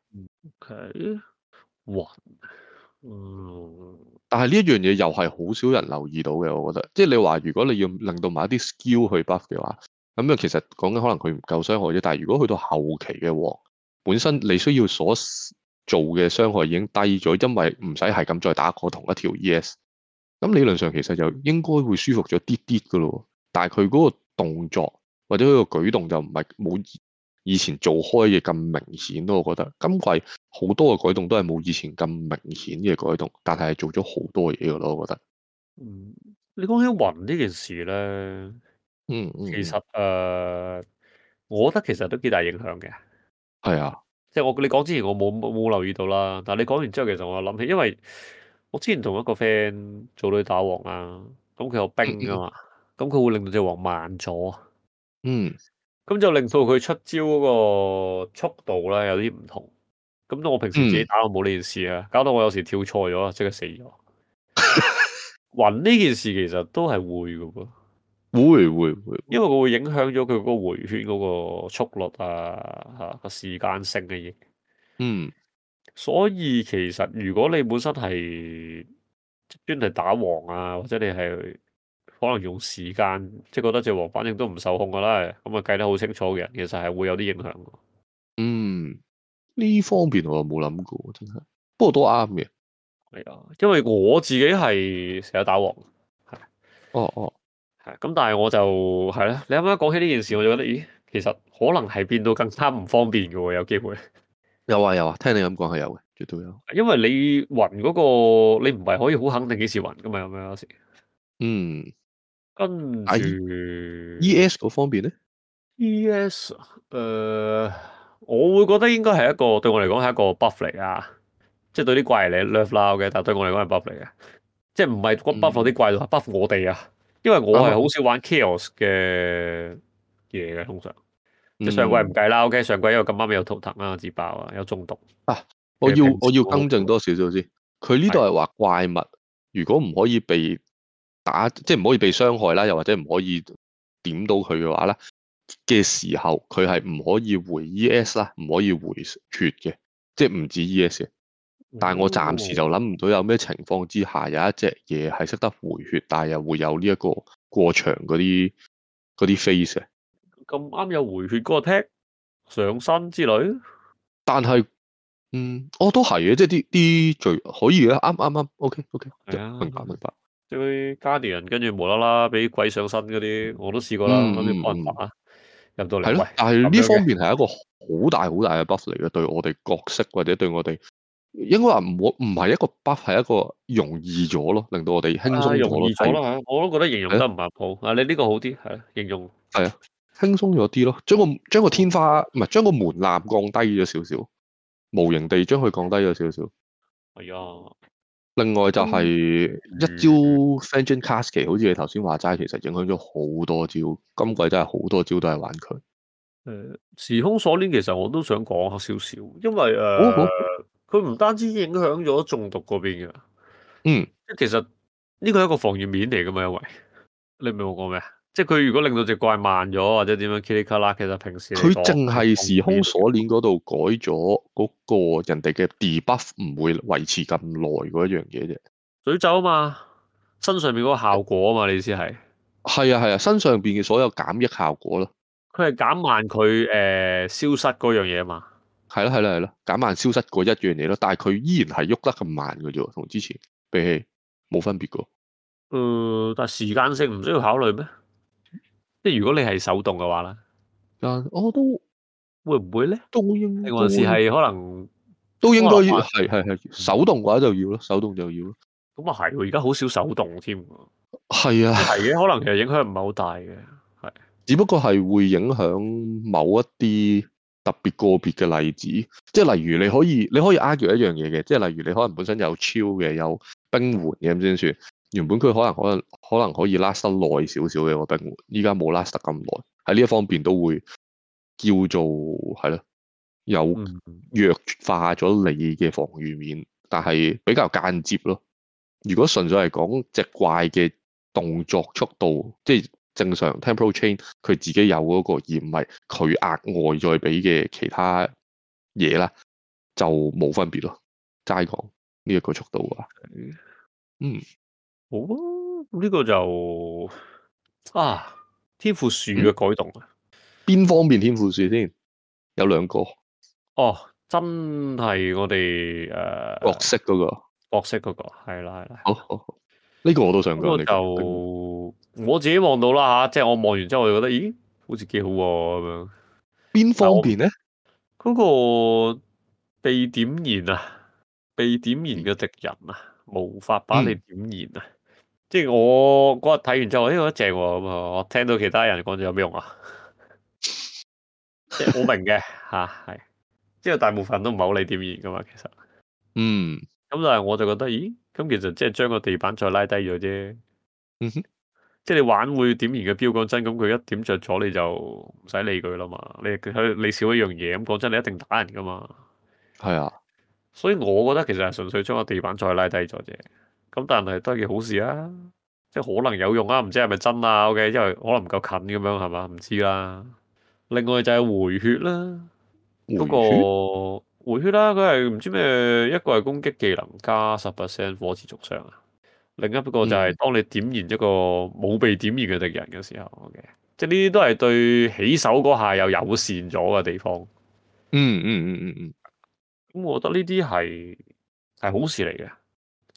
OK，哇，嗯，但係呢一樣嘢又係好少人留意到嘅。我覺得，即係你話如果你要令到某一啲 skill 去 buff 嘅話，咁樣其實講緊可能佢唔夠傷害啫。但係如果去到後期嘅王，本身你需要所做嘅傷害已經低咗，因為唔使係咁再打過同一條 ES。咁理論上其實就應該會舒服咗啲啲㗎咯，但係佢嗰個動作或者佢個舉動就唔係冇以前做開嘅咁明顯咯。我覺得今季好多嘅改動都係冇以前咁明顯嘅改動，但係係做咗好多嘢㗎咯。我覺得，嗯，你講起雲呢件事咧，嗯，嗯，其實誒，uh, 我覺得其實都幾大影響嘅，係啊，即係我你講之前我冇冇留意到啦，但係你講完之後其實我諗起，因為。我之前同一個 friend 做女打王啊，咁佢有冰噶嘛，咁佢會令到隻王慢咗，嗯，咁就令到佢出招嗰個速度咧有啲唔同，咁我平時自己打就冇呢件事啊，搞到我有時跳錯咗，即刻死咗。暈 (laughs) 呢件事其實都係會噶噃，會會會，會，因為佢會影響咗佢嗰個回血嗰個速率啊，吓、啊、個、啊、時間性嘅嘢，嗯。所以其實如果你本身係專係打王啊，或者你係可能用時間，即係覺得隻王反正都唔受控噶啦，咁啊計得好清楚嘅，其實係會有啲影響。嗯，呢方面我冇諗過，真係，不過都啱嘅。係啊，因為我自己係成日打王，係，哦哦，係，咁但係我就係咧，你啱啱講起呢件事，我就覺得，咦，其實可能係變到更加唔方便嘅喎，有機會。有啊有啊，聽你咁講係有嘅，絕對有。因為你暈嗰、那個，你唔係可以好肯定幾時暈噶嘛，有咩時？嗯，跟住、啊、E S 嗰方面咧，E S，誒、呃，我會覺得應該係一個對我嚟講係一個 buff 嚟啊、就是，即係對啲怪嚟講係 nerf 嘅，但係對我嚟講係 buff 嚟嘅，即係唔係 buff，啲怪就係 buff 我哋、嗯、啊，因為我係好少玩 chaos 嘅嘢嘅通常。即上季唔計啦，OK，上季又咁啱有圖騰我自爆啊，有中毒。啊，我要我要更正多少少先。佢呢度係話怪物，如果唔可以被打，即係唔可以被傷害啦，又或者唔可以點到佢嘅話咧嘅時候，佢係唔可以回 E.S 啦，唔可以回血嘅，即係唔止 E.S。但係我暫時就諗唔到有咩情況之下有一隻嘢係識得回血，但係又會有呢一個過場嗰啲啲 face 咁啱有回血嗰個 tag，上身之類，但係，嗯，我、哦、都係嘅，即係啲啲最可以嘅，啱啱啱，OK OK，明白明白，即係啲加年人跟住無啦啦俾鬼上身嗰啲，我都試過啦，啱啲白人馬、嗯嗯、入到嚟，係，但係呢方面係一個好大好大嘅 buff 嚟嘅，對我哋角色或者對我哋，應該話唔我唔係一個 buff，係一個容易咗咯，令到我哋輕鬆咗咯，啊，我都覺得形容得唔係好，啊，你呢個好啲係，形容係啊。輕鬆咗啲咯，將個將個天花唔係，將個門檻降低咗少少，無形地將佢降低咗少少。係啊，另外就係一招 Vengeant Cascade，好似你頭先話齋，其實影響咗好多招。今季真係好多招都係玩佢。誒，時空鎖鏈其實我都想講少少，因為誒，佢，哦，呃，唔單止影響咗中毒嗰邊嘅，嗯，其實呢個係一個防御面嚟噶嘛，因為你明唔明我講咩即係佢如果令到隻怪慢咗或者點樣噼里咔啦，其實平時佢淨係時空鎖鏈嗰度改咗嗰個人哋嘅 debuff 唔會維持咁耐嗰一樣嘢啫。詛咒啊嘛，身上邊嗰個效果啊嘛，你意思係？係啊係啊，身上邊嘅所有減益效果咯。佢係減慢佢誒、呃、消失嗰樣嘢啊嘛。係啦係啦係啦，減慢消失嗰一樣嘢咯，但係佢依然係喐得咁慢嘅啫，同之前比起冇分別嘅。誒、嗯，但係時間性唔需要考慮咩？即係如果你係手動嘅話咧，但我都會唔會咧？都應該還是係可能都應該係係係手動嘅話就要咯，手動就要咯。咁啊係喎，而家好少手動添。係啊，係嘅，可能其實影響唔係好大嘅，係。只不過係會影響某一啲特別個別嘅例子，即係例如你可以你可以 argue 一樣嘢嘅，即係例如你可能本身有超嘅有冰緩嘅咁先算。原本佢可能可能可能可以 last 得耐少少嘅，我覺得，依家冇 last 得咁耐，喺呢一方面都會叫做係咯，有弱化咗你嘅防禦面，但係比較間接咯。如果純粹係講隻怪嘅動作速度，即係正常 Temporal Chain 佢自己有嗰個，而唔係佢額外再俾嘅其他嘢啦，就冇分別咯。齋講呢一個速度啊，嗯。好啊！呢、這個就啊天賦樹嘅改動啊，邊、嗯、方面天賦樹先有兩個。哦，真係我哋誒角色嗰、那個角色嗰、那個係啦係啦。好，呢、這個我都想講。呢、這個、就我自己望到啦吓，即、就、係、是、我望完之後我就覺得，咦，好似幾好喎、啊、咁樣。邊方面咧？嗰、那個被點燃啊，被點燃嘅敵人啊，無法把你點燃啊。嗯即係我嗰日睇完之後，哎呀正咁啊！我聽到其他人講咗有咩用啊？ (laughs) 即係好明嘅吓，係、啊、即係大部分都唔係好理點燃噶嘛，其實嗯，咁但係我就覺得，咦，咁其實即係將個地板再拉低咗啫、嗯。即係你玩會點燃嘅標，講真，咁佢一點着咗你就唔使理佢啦嘛。你佢你少一樣嘢，咁講真，你一定打人噶嘛。係啊，所以我覺得其實係純粹將個地板再拉低咗啫。咁但係都係件好事啊，即係可能有用啊，唔知係咪真啊？O、OK，因為可能唔夠近咁樣係嘛，唔知啦。另外就係回血啦、啊，嗰個回血啦，佢係唔知咩，一個係攻擊技能加十 percent 火持續傷啊。另一個就係當你點燃一個冇被點燃嘅敵人嘅時候，OK，、嗯、即係呢啲都係對起手嗰下有友善咗嘅地方。嗯嗯嗯嗯嗯，咁我覺得呢啲係係好事嚟嘅。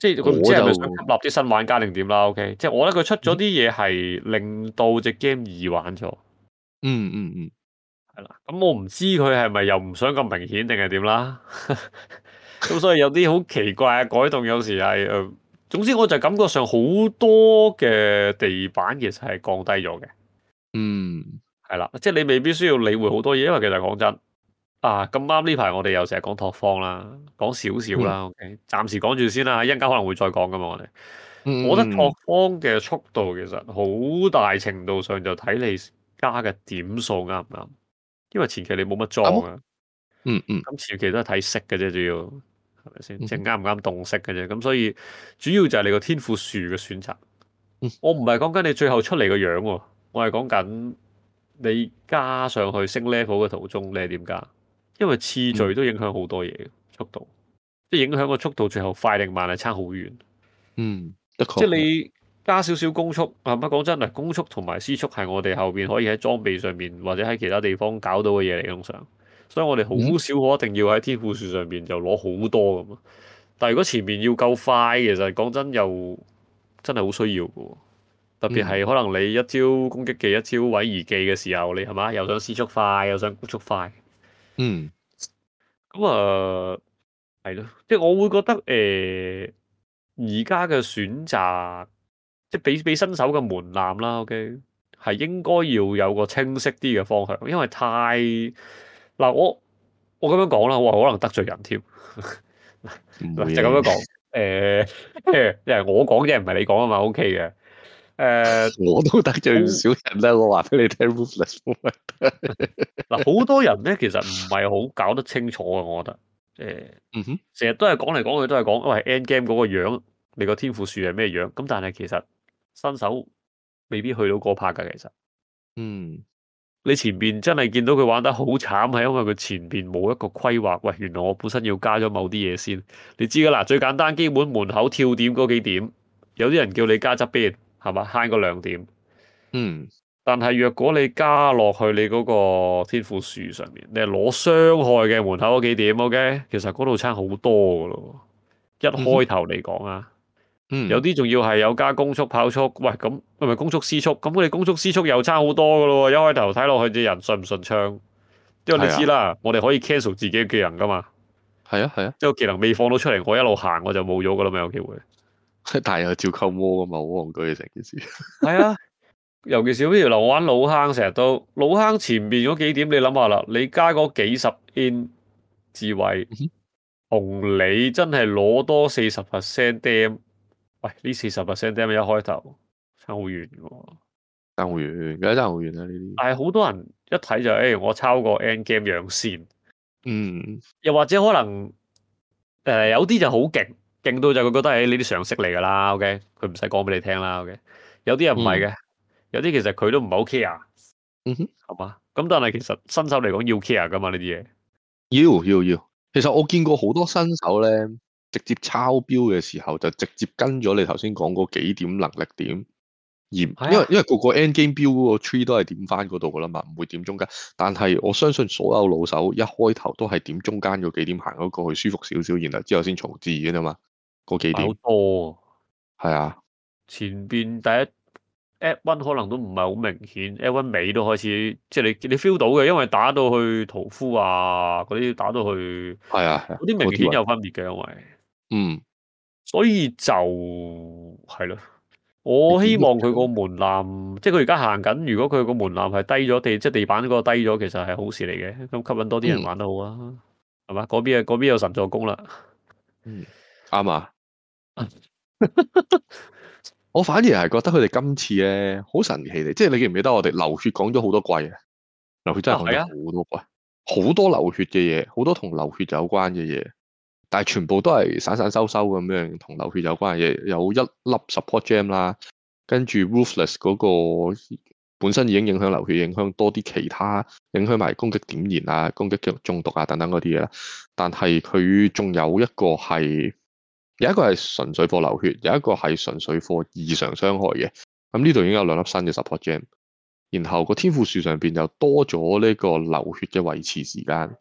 即係佢唔知係咪想吸啲新玩家定點啦？O K，即係我覺得佢出咗啲嘢係令到隻 game 易玩咗、嗯。嗯嗯嗯，係啦。咁我唔知佢係咪又唔想咁明顯定係點啦。咁 (laughs) 所以有啲好奇怪嘅改動，有時係誒、呃。總之我就感覺上好多嘅地板其實係降低咗嘅。嗯，係啦。即係你未必需要理會好多嘢，因為其實講真。啊咁啱呢排我哋又成日講拓荒啦，講少少啦、嗯、OK，暫時講住先啦，一陣間可能會再講噶嘛我，我、嗯、哋，我覺得拓荒嘅速度其實好大程度上就睇你加嘅點數啱唔啱，因為前期你冇乜裝啊，嗯嗯，咁前期都係睇色嘅啫，主要係咪先，即係啱唔啱洞色嘅啫，咁所以主要就係你個天賦樹嘅選擇，我唔係講緊你最後出嚟個樣喎、哦，我係講緊你加上去升 level 嘅途中你係點加。因為次序都影響好多嘢、嗯，速度即係影響個速度，最後快定慢係差好遠。嗯，即係你加少少攻速，啊、嗯，係咪講真啦，攻速同埋施速係我哋後邊可以喺裝備上面或者喺其他地方搞到嘅嘢嚟咁常。所以我哋好少可一定要喺天賦樹上邊就攞好多咁啊、嗯。但係如果前面要夠快，其實講真又真係好需要嘅，特別係可能你一招攻擊技一招位移技嘅時候，你係咪又想施速快又想攻速快？嗯，咁啊，係、呃、咯，即係我會覺得誒，而家嘅選擇即係俾俾新手嘅門檻啦，OK，係應該要有個清晰啲嘅方向，因為太嗱我我咁樣講啦，我，我、呃、可能得罪人添，嗱就咁樣講，誒，即係、呃、 (laughs) 我講嘅唔係你講啊嘛，OK 嘅。誒、uh, 嗯，我都得罪少人咧，我話俾你聽。嗱，好多人咧，其實唔係好搞得清楚嘅，我覺得。誒、mm -hmm. 嗯，嗯哼，成日都係講嚟講去都係講，喂，end game 嗰個樣，你個天賦樹係咩樣？咁但係其實新手未必去到嗰拍㗎其實。嗯、mm -hmm.，你前邊真係見到佢玩得好慘，係因為佢前邊冇一個規劃。喂，原來我本身要加咗某啲嘢先，你知噶啦。最簡單，基本門口跳點嗰幾點，有啲人叫你加側邊。係嘛，慳個兩點，嗯。但係若果你加落去你嗰個天賦樹上面，你攞傷害嘅門口嗰幾點 k、okay? 其實嗰度差好多噶咯。一開頭嚟講啊，有啲仲要係有加攻速、跑速。嗯、喂，咁唔咪？係咪攻速、施速，咁佢哋攻速、施速又差好多噶咯。一開頭睇落去隻人順唔順暢，因為你知啦、啊，我哋可以 cancel 自己嘅技能噶嘛。係啊係啊，即、啊這個技能未放到出嚟，我一路行我就冇咗噶啦嘛，那有機會。但又照扣摩噶嘛，好戇居嘅成件事。係 (laughs) 啊，尤其是譬如嗱，我玩老坑成日都老坑前面嗰幾點，你諗下啦，你加嗰幾十 in 智慧，同、嗯、你真係攞多四十 percent damn，喂呢四十 percent damn 一開頭差好遠喎，差好遠，而家差好遠啦，呢啲但係好多人一睇就誒、哎，我抄過 end game 樣線，嗯，又或者可能誒、呃、有啲就好勁。勁到就佢覺得係呢啲常識嚟㗎啦，OK，佢唔使講俾你聽啦，OK 有、嗯。有啲人唔係嘅，有啲其實佢都唔係 care，嗯哼，係嘛？咁但係其實新手嚟講要 care 㗎嘛呢啲嘢。要要要，其實我見過好多新手咧，直接抄標嘅時候就直接跟咗你頭先講嗰幾點能力點，而因為、啊、因為個個 end game 標嗰個 tree 都係點翻嗰度㗎啦嘛，唔會點中間。但係我相信所有老手一開頭都係點中間嗰幾點行嗰個去舒服少少，然後之後先重置嘅啫嘛。好多，係啊，前邊第一 A1 可能都唔係好明顯，A1 尾都開始，即係你你 feel 到嘅，因為打到去屠夫啊嗰啲，打到去係啊，嗰啲、啊、明顯有分別嘅，因為嗯，所以就係咯、啊，我希望佢個門檻，即係佢而家行緊，如果佢個門檻係低咗地，即係地板嗰個低咗，其實係好事嚟嘅，咁吸引多啲人玩都好啊，係、嗯、嘛，嗰邊啊，嗰邊有神助攻啦，嗯，啱啊。 (laughs) (laughs) 我反而係覺得佢哋今次咧好神奇嚟，即係你記唔記得我哋流血講咗好多季啊？流血真係講咗好多季，好、啊啊、多流血嘅嘢，好多同流血有關嘅嘢，但係全部都係散散收收咁樣，同流血有關嘅嘢，有一粒 support gem 啦，跟住 Ruthless 嗰個本身已經影響流血，影響多啲其他，影響埋攻擊點燃啊，攻擊中毒啊，等等嗰啲嘢啦，但係佢仲有一個係。有一個係純粹貨流血，有一個係純粹貨異常傷害嘅。咁呢度已經有兩粒新嘅 support gem，然後個天賦樹上面就多咗呢個流血嘅維持時間。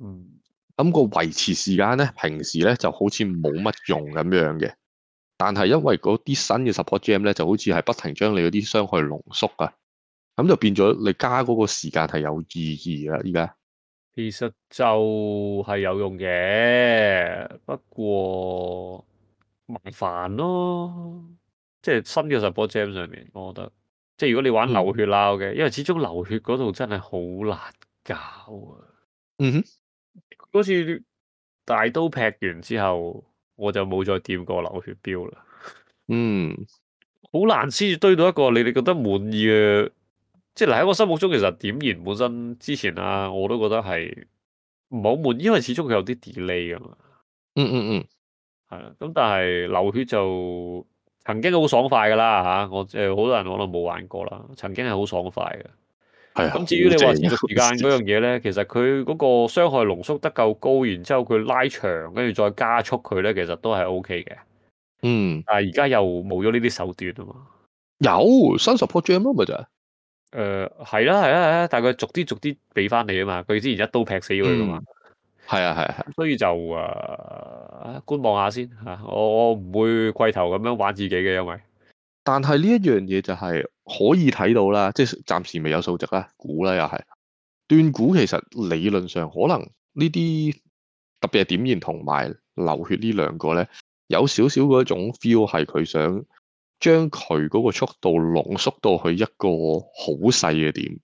嗯，咁個維持時間咧，平時咧就好似冇乜用咁樣嘅。但係因為嗰啲新嘅 support gem 咧，就好似係不停將你嗰啲傷害濃縮啊，咁就變咗你加嗰個時間係有意義啦，依家。其實就係有用嘅，不過麻煩咯。即係新嘅 support gem 上面，我覺得即係如果你玩流血撈嘅，嗯，因為始終流血嗰度真係好難搞啊。嗯哼，好似大刀劈完之後，我就冇再掂過流血標啦。嗯，好 (laughs) 難先至堆到一個你哋覺得滿意嘅。即係喺我心目中，其實點燃本身之前啊，我都覺得係唔好悶，因為始終佢有啲 delay 噶嘛。嗯嗯嗯，係啊。咁但係流血就曾經好爽快噶啦吓，我即係好多人可能冇玩過啦。曾經係好爽快嘅，係、啊。咁、哎、至於你話時間嗰樣嘢咧、啊，其實佢嗰個傷害濃縮得夠高，然之後佢拉長，跟住再加速佢咧，其實都係 O K 嘅。嗯。但係而家又冇咗呢啲手段啊嘛。有新 support gem 啊咪就係。誒、呃，係啦係啦，但佢逐啲逐啲俾翻你啊嘛，佢之前一刀劈死佢噶嘛，係、嗯、啊係啊，所以就誒、呃、觀望下先吓，我我唔會跪頭咁樣玩自己嘅，因為但係呢一樣嘢就係可以睇到啦，即、就、係、是、暫時未有數值啦，估啦又係斷估，其實理論上可能呢啲特別係點燃同埋流血呢兩個咧，有少少嗰種 feel 係佢想。將佢嗰個速度濃縮到去一個好細嘅點，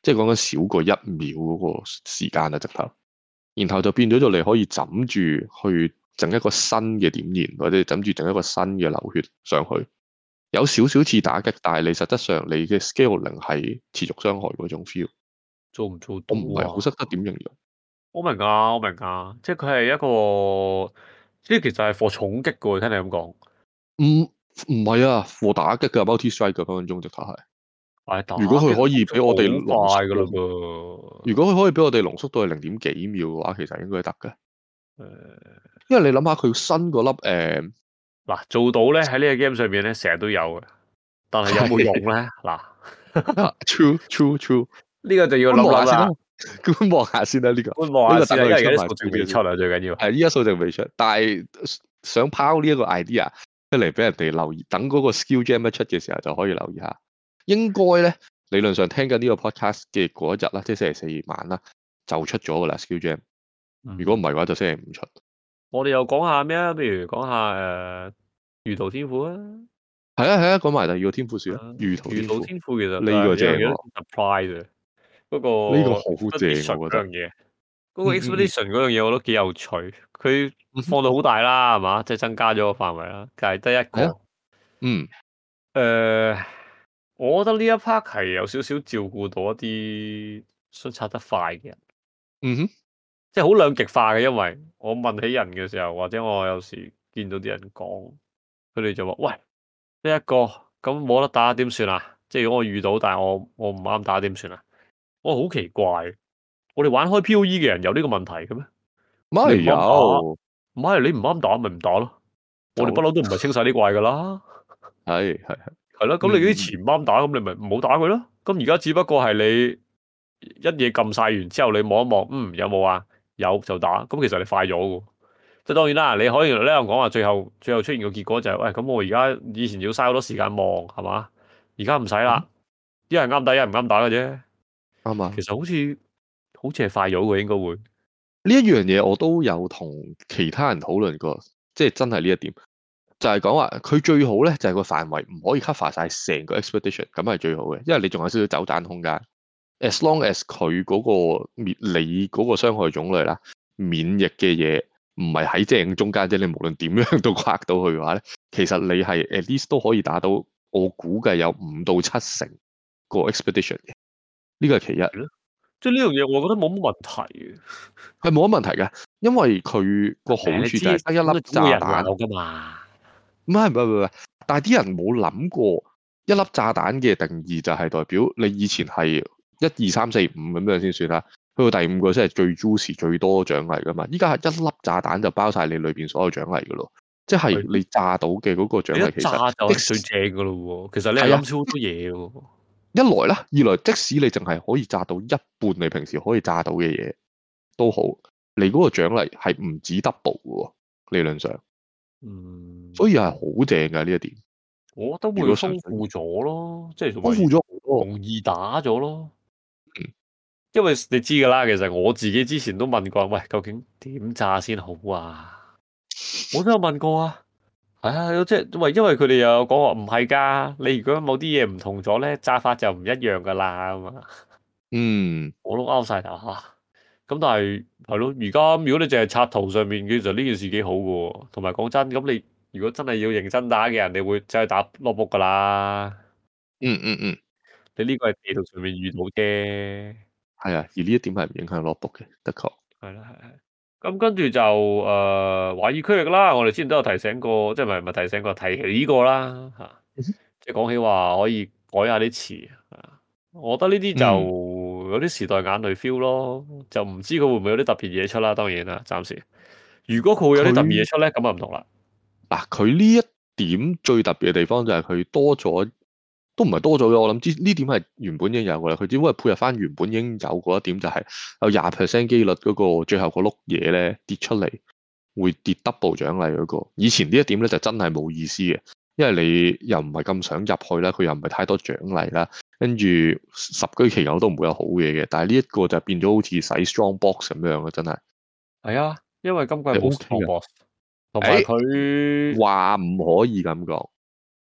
即係講緊少過一秒嗰個時間啊，直頭。然後就變咗到你可以枕住去整一個新嘅點燃，或者枕住整一個新嘅流血上去。有少少似打擊，但係你實質上你嘅 scaling 係持續傷害嗰種 feel。做唔做到，啊？我唔係好識得點形容。我明㗎，我明㗎，即係佢係一個，即係其實係放重擊嘅。聽你咁講，唔、嗯。唔係啊，偽打擊嘅 multi strike 嘅分分鐘就睇係。如果佢可以俾我哋耐噶啦噃，如果佢可以俾我哋濃縮到係零點幾秒嘅話，其實應該得嘅。誒、呃，因為你諗下佢新嗰粒誒，嗱、呃、做到咧喺呢個 game 上邊咧成日都有嘅，但係有冇用咧？嗱 (laughs) 啊、 (laughs) ，true true true，呢、這個就要諗下先啦，觀望下先啦、啊、呢、啊這個。觀望下先啦、啊這個，因為呢個最未出啦，最緊要係依家數就未出，但係想拋呢一個 idea。一嚟俾人哋留意，等嗰個 Skill Gem 一出嘅時候就可以留意下。應該咧理論上聽緊呢個 Podcast 嘅嗰一日啦，即係星期四晚啦，就出咗噶啦 Skill Gem。如果唔係嘅話就星期五出。嗯、我哋又講下咩啊？不如講下誒、呃，輿圖天賦啊。係啊係啊，講埋第二個天賦樹啦。輿圖天賦其實呢個正、嗯這個、啊，Apply 嘅。不過呢個好正，我覺得。嗰、那個 Expedition 嗰樣嘢我都幾有趣，佢放到好大啦，係嘛？即、就、係、是、增加咗個範圍啦，但係得一個。哦、嗯，誒、呃，我覺得呢一 part 係有少少照顧到一啲想刷得快嘅人。嗯哼，即係好兩極化嘅，因為我問起人嘅時候，或者我有時見到啲人講，佢哋就話：喂，得一個咁冇得打點算啊？即係如果我遇到，但係我我唔啱打點算啊？我好、哦、奇怪。我哋玩開 POE 嘅人有呢個問題嘅咩？唔有，唔係你唔啱打咪唔打咯。我哋不嬲都唔係清晒啲怪噶啦。係係係啦，咁、 (laughs) 嗯、你啲錢唔啱打，咁你咪唔好打佢咯。咁而家只不過係你一嘢撳晒完之後，你望一望，嗯有冇啊？有就打。咁其實你快咗嘅。即係當然啦，你可以呢樣講話，最後最後出現個結果就係、是、喂咁。我而家以前要嘥好多時間望係嘛，而家唔使啦。一係啱打，一係唔啱打嘅啫。啱、嗯、啊。其實好似。好似係快咗嘅，應該會呢一樣嘢，我都有同其他人討論過，即、就、係、是、真係呢一點，就係講話佢最好咧，就係、是、個範圍唔可以 cover 晒成個 expedition 咁係最好嘅，因為你仲有少少走盞空間。as long as 佢嗰、那個免你嗰個傷害種類啦，免疫嘅嘢唔係喺正中間啫，你無論點樣都 cut 到佢嘅話咧，其實你係 at least 都可以打到。我估計有五到七成個 expedition，嘅，呢個係其一。即係呢樣，嘢，我覺得冇乜問題嘅，係冇乜問題嘅，因為佢個好處就係得一粒炸彈噶、欸、嘛。唔係唔係唔係，但係啲人冇諗過一粒炸彈嘅定義就係代表你以前係一二三四五咁樣先算啦。去到第五個先係最 juicy 最多獎勵噶嘛。依家係一粒炸彈就包晒你裏邊所有獎勵噶咯。即、就、係、是、你炸到嘅嗰個獎勵其實啲最正噶咯。其實你係諗好多嘢喎。一來啦，二來即使你淨係可以炸到一半你平時可以炸到嘅嘢都好，你嗰個獎勵係唔止 double 嘅喎，理論上，嗯，所以係好正嘅呢一點，我覺得會豐富咗咯，即係豐富咗，容易打咗咯了，因為你知噶啦，其實我自己之前都問過，喂，究竟點炸先好啊？我都有問過啊。係、哎、啊，即係因為佢哋又有講話唔係噶，你如果某啲嘢唔同咗咧，揸法就唔一樣噶啦，咁啊，嗯，我都勾晒頭吓，咁、哎、但係係咯，而家如果你淨係刷圖上面，其實呢件事幾好噶，同埋講真，咁你如果真係要認真打嘅人，你會走去打裸博噶啦，嗯嗯嗯，你呢個係地圖上面遇到嘅，係啊，而呢一點係唔影響裸博嘅，的確，係啦，係係。咁跟住就誒，華爾區域啦，我哋之前都有提醒過，即係唔係唔係提醒過提起過啦吓，即係講起話可以改下啲詞、啊，我覺得呢啲就有啲時代眼淚 feel 咯，就唔知佢會唔會有啲特別嘢出啦，當然啦，暫時。如果佢會有啲特別嘢出咧，咁啊唔同啦。嗱，佢呢一點最特別嘅地方就係佢多咗。都唔係多咗嘅，我諗呢呢點係原本已經有嘅，佢只不過係配合翻原本已經有嗰一點就，就係有廿 percent 機率嗰個最後個碌嘢咧跌出嚟，會跌 double 獎勵嗰個。以前呢一點咧就真係冇意思嘅，因為你又唔係咁想入去啦，佢又唔係太多獎勵啦，跟住十居其有都唔會有好嘢嘅。但係呢一個就變咗好似使 strong box 咁樣嘅，真係。係啊，因為今季冇同埋佢話唔可以咁講，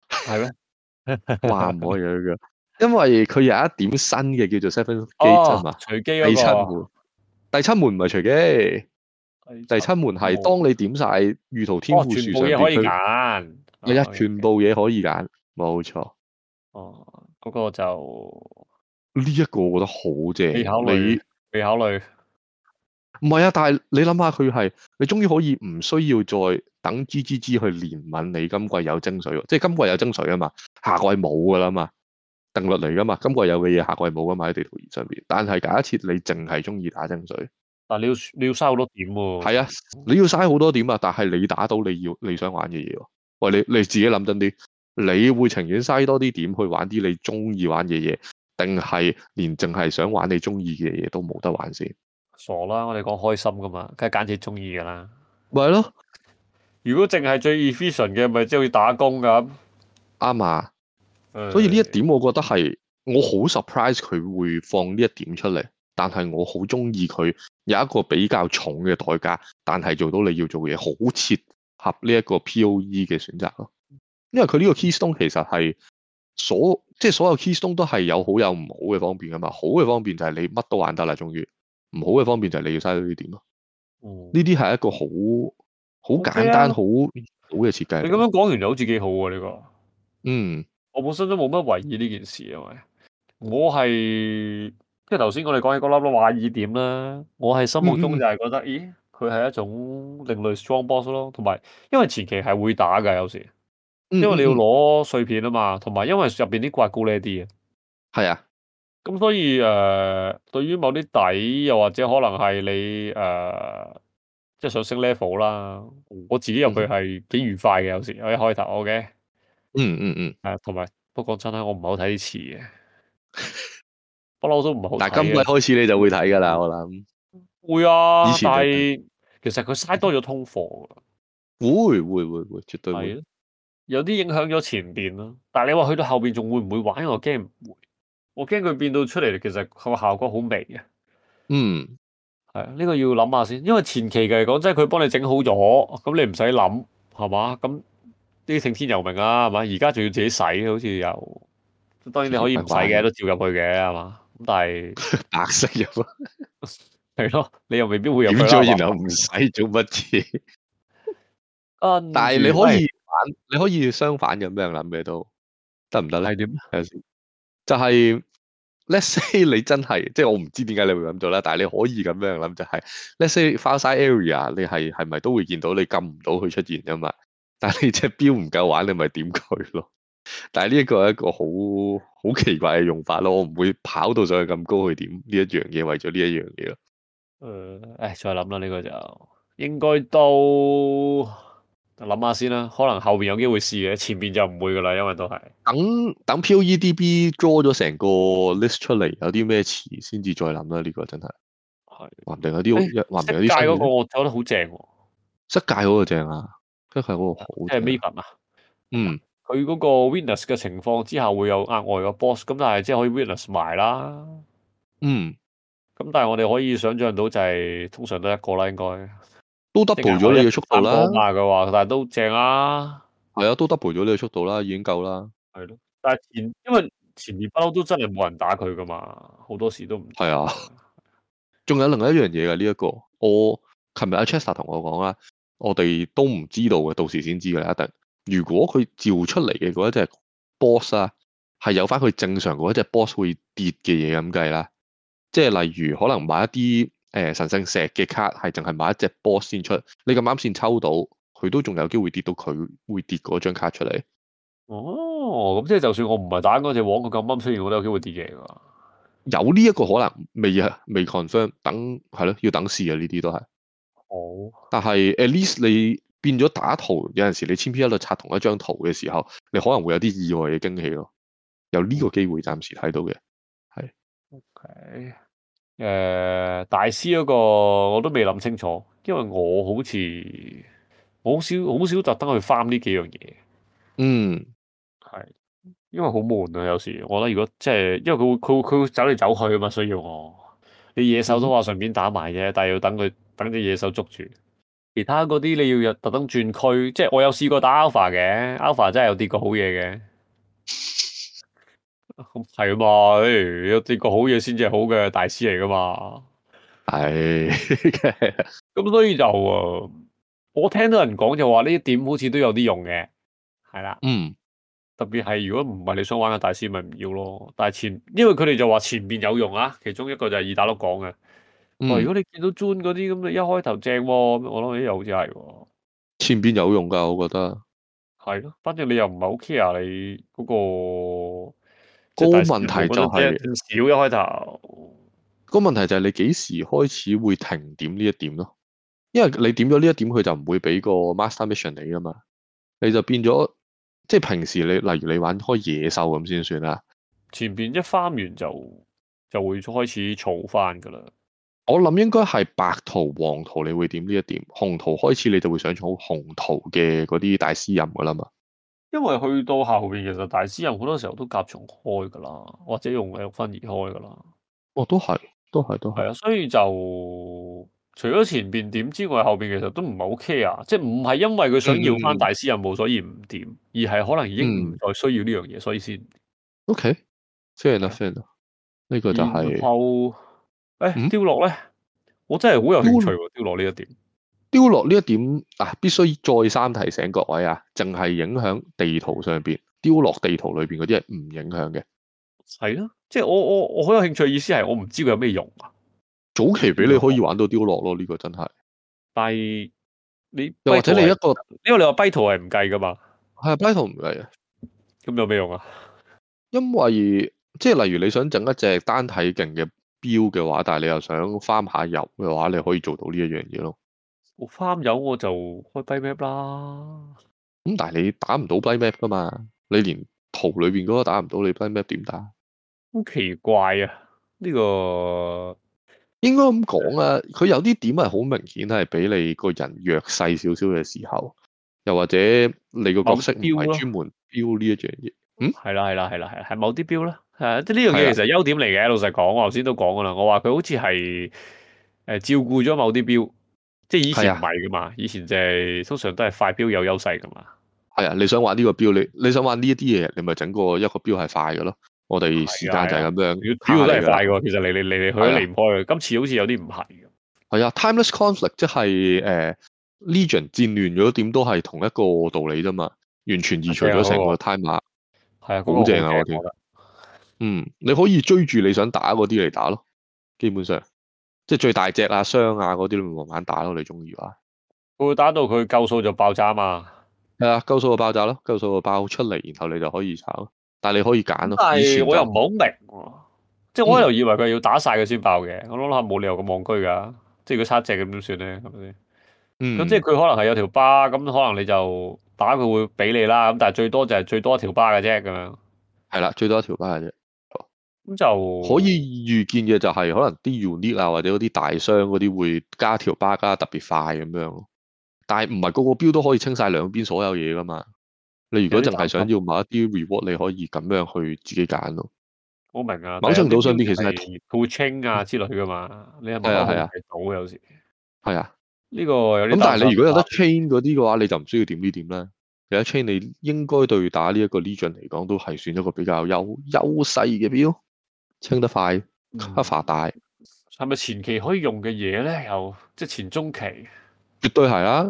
係咩、欸？ (laughs) 哇 (laughs) 唔可以嘅，因為佢有一點新嘅叫做 seven 機、哦，係嘛？隨機第七門，第七門唔係隨機，第七門係當你點晒輿圖天賦樹上邊，日日全部嘢可以揀，冇錯。哦，嗰、嗯嗯嗰個就呢一、這個，我覺得好正，你考慮？唔係啊，但係你諗下，佢係你終於可以唔需要再等 G、G、G 去憐憫你今季有精髓咯，即係今季有精髓啊嘛，下季冇噶啦嘛，定律嚟噶嘛，今季有嘅嘢下季冇噶嘛，喺地圖上邊。但係假設你淨係中意打精髓，但你要你要嘥好多點喎、啊？係啊，你要嘥好多點啊，但係你打到你要你想玩嘅嘢喎。喂，你你自己諗真啲，你會情願嘥多啲點去玩啲你中意玩嘅嘢，定係連淨係想玩你中意嘅嘢都冇得玩先？傻啦，我哋講開心噶嘛，梗係揀自己中意噶啦。咪咯，如果淨係最 efficient 嘅，咪即係要打工咁。啱啊，所以呢一點我覺得係我好 surprise 佢會放呢一點出嚟，但係我好中意佢有一個比較重嘅代價，但係做到你要做嘢好切合呢一個 POE 嘅選擇咯。因為佢呢個 keystone 其實係所即係、就是、所有 keystone 都係有好有唔好嘅方面噶嘛，好嘅方面就係你乜都玩得啦，終於。唔好嘅方面就係、是、你要嘥到呢點咯。呢啲係一個好好簡單、okay 啊、很好好嘅設計。你咁樣講完就好似幾好喎呢、這個。嗯，我本身都冇乜懷疑呢件事啊，咪。我係即係頭先我哋講起嗰粒咯瓦爾點啦。我係心目中就係覺得，嗯、咦，佢係一種另類 strong boss 咯。同埋因為前期係會打㗎，有時。因為你要攞碎片啊嘛，同、嗯、埋、嗯、因為入邊啲怪高呢啲嘅。係啊。咁所以誒、呃，對於某啲底，又或者可能係你誒，即係想升 level 啦。我自己入去係幾愉快嘅，有時我一開頭 OK 嗯。嗯嗯嗯，同埋不過真係我唔係好睇啲詞嘅，不嬲都唔係好。但係今日開始你就會睇㗎啦，我諗。會啊，以前但係其實佢嘥多咗通貨啊 (laughs) 會會會會，絕對會。對有啲影響咗前邊啦，但你話去到後面仲會唔會玩？我驚唔會。我驚佢變到出嚟，其實個效果好微嘅。嗯，係啊，呢、這個要諗下先，因為前期嘅嚟講，即係佢幫你整好咗，咁你唔使諗，係嘛？咁呢啲聽天由命啊，係嘛？而家仲要自己洗，好似又，當然你可以唔使嘅，都照入去嘅，係嘛？咁但係白色入咯，係 (laughs) 咯，你又未必會入。點 (laughs) 咗、嗯、然後唔使做乜嘢 (laughs) ？但係你可以反，你可以相反咁樣諗嘅都得唔得咧？點？可以 (laughs) 就係、是、，let's say 你真係，即係我唔知點解你會咁做啦，但係你可以咁樣諗就係、是、，let's say far side area 你係係咪都會見到你撳唔到佢出現啊嘛？但係你隻標唔夠玩，你咪點佢咯？但係呢一個係一個好好奇怪嘅用法咯，我唔會跑到上去咁高去點呢一樣嘢，為咗呢一樣嘢。誒、呃，誒，再諗啦，呢、這個就應該都。諗下先啦、啊，可能後邊有機會試嘅，前邊就唔會噶啦，因為都係等等 PoeDB draw 咗成個 list 出嚟，有啲咩詞先至再諗啦、啊。呢、這個真係係，還定有啲，話、欸、唔定有啲。界嗰個走得好正，失界嗰個正啊，失界嗰個好、啊啊。即係 Maven 啊？嗯，佢嗰個 Witness 嘅情況之下會有額外個 boss，咁但係即係可以 Witness 埋啦。嗯，咁但係我哋可以想象到就係、是、通常得一個啦，應該。都 double 咗你嘅速度啦話，但係都正啦，係啊，都 double 咗你嘅速度啦，已經夠啦。係咯，但係前因為前面不嬲都真係冇人打佢噶嘛，好多時都唔係啊。仲有另外一樣嘢嘅呢一個，我琴日阿 Chester 同我講啦，我哋都唔知道嘅，到時先知噶啦。但係如果佢照出嚟嘅嗰一隻 boss 啊，係有翻佢正常嗰一隻 boss 會跌嘅嘢咁計啦。即係例如可能買一啲。誒，神聖石嘅卡係淨係買一隻 Boss 先出，你咁啱先抽到，佢都仲有機會跌到，佢會跌嗰張卡出嚟。哦，咁即係就算我唔係打嗰隻王，我咁啱雖然我都有機會跌嘢噶。有呢一個可能未，未啊，未 confirm，等係咯，要等試啊，呢啲都係。哦。但係 at least 你變咗打圖，有陣時候你千篇一律刷同一張圖嘅時候，你可能會有啲意外嘅驚喜咯。有呢個機會暫時睇到嘅，係。OK。誒、呃，大師嗰、那個我都未諗清楚，因為我好似我好少好少特登去翻呢幾樣嘢。嗯，係，因為好悶啊，有時我覺得，如果即係，因為佢會佢會佢會走嚟走去啊嘛，需要我。你野獸都話順便打埋嘅，但係要等佢等隻野獸捉住。其他嗰啲你要入特登轉區，即係我有試過打 Alpha 嘅，Alpha 真係有跌過好嘢嘅。係、嗯哎這個、嘛，有幾個好嘢先至係好嘅大師嚟噶嘛，係。咁所以就我聽到人講就話呢一點好似都有啲用嘅，係啦，嗯。特別係如果唔係你想玩嘅大師咪唔要咯。但係前因為佢哋就話前邊有用啊，其中一個就係二打六講嘅。嗯、如果你見到磚嗰啲咁，你一開頭正、啊，咁我諗呢又好似係、啊。前邊有用噶，我覺得係咯。反正你又唔係好 care 你嗰、嗰個。那個問題就係少一開頭，那個問題就係你幾時開始會停點呢一點咯？因為你點咗呢一點，佢就唔會俾個 master mission 你噶嘛，你就變咗即係平時你例如你玩開野獸咁先算啦。前邊一翻完就就會開始儲翻噶啦。我諗應該係白圖黃圖你會點呢一點？紅圖開始你就會想儲紅圖嘅嗰啲大師任噶啦嘛。因為去到後邊，其實大師任好多時候都夾重開噶啦，或者用 L 分而開噶啦。哦，都係，都係，都係啊！所以就除咗前邊點之外，後邊其實都唔係好 care 啊。即係唔係因為佢想要翻大師任務，所以唔掂、嗯，而係可能已經唔再需要呢樣嘢，所以先。OK, fair enough, 呢個就係、然後。誒，五、欸、丟、嗯、落咧，我真係好有興趣，丟落呢一點。丟落呢一點啊，必須再三提醒各位啊，淨係影響地圖上邊，丟落地圖裏邊嗰啲係唔影響嘅，係咯、啊，即係我我我好有興趣嘅意思係，我唔知佢有咩用啊。早期俾你可以玩到丟落咯，呢、呢個真係。但係你又或者你一個，圖是因為你話碑圖係唔計噶嘛，係啊，碑圖唔計啊。咁有咩用啊？因為即係例如你想整一隻單體勁嘅標嘅話，但係你又想翻下油嘅話，你可以做到呢一樣嘢咯。我翻有我就開 Blight map 啦，咁但係你打唔到 Blight map 噶嘛？你連圖裡邊嗰個打唔到，你 Blight map 點打？好奇怪啊！呢、這個應該咁講啊，佢、嗯、有啲點係好明顯係俾你個人弱勢少少嘅時候，又或者你個角色唔係專門件標呢一樣嘢。嗯，係啦、啊，係啦，係、啊、啦，係係某啲標啦，係即係呢樣嘢其實優點嚟嘅、啊。老實講，我頭先都講噶啦，我話佢好似係誒照顧咗某啲標。即係以前唔係噶嘛、啊，以前就係、是、通常都係快標有優勢噶嘛。係啊，你想玩呢個標，你你想玩呢一啲嘢，你咪整個一個標係快嘅咯。我哋時間就係咁樣，主要、啊啊、都係快嘅、啊。其實嚟嚟嚟嚟去都離唔開、啊。今次好似有啲唔係。係啊，Timeless Conflict 即係誒、呃、，Legion 戰亂咗點都係同一個道理啫嘛，完全移除咗成個 timeline 係啊，好正啊，啊，啊、那個！我覺得我。嗯，你可以追住你想打嗰啲嚟打咯，基本上。即係最大隻啊，雙啊嗰啲，你咪慢慢打咯，你中意啊？會打到佢夠數就爆炸啊嘛！係啊，夠數就爆炸咯，夠數就爆出嚟，然後你就可以炒。但係你可以揀咯。但係，就是，我又唔好明，啊嗯即嗯，即係我一路以為佢要打晒佢先爆嘅。我諗下冇理由咁望區噶。嗯，那即係佢差隻咁點算咧？係咪先？咁即係佢可能係有條巴，咁可能你就打佢會俾你啦。咁但係最多就係最多一條巴嘅啫咁樣。係啦，最多一條巴嘅啫。咁就可以預見嘅就係可能啲 unique 啊，或者嗰啲大箱嗰啲會加條 bar 加特別快咁樣。但係唔係個個標都可以清晒兩邊所有嘢噶嘛？你如果淨係、就是、想要買一啲 reward，你可以咁樣去自己揀咯、嗯。我明啊，某程度上邊其實係 two chain 啊之類噶嘛。係啊係啊，島有時係啊呢、啊這個有啲咁，但係你如果有得 chain 嗰啲嘅話，你就唔需要點呢點啦。有得 chain，你應該對打呢一個 legion 嚟講都係算一個比較有優勢嘅標。嗯清得快 cover 大，係咪、嗯、前期可以用嘅嘢咧？又即係前中期，絕對係啦、啊，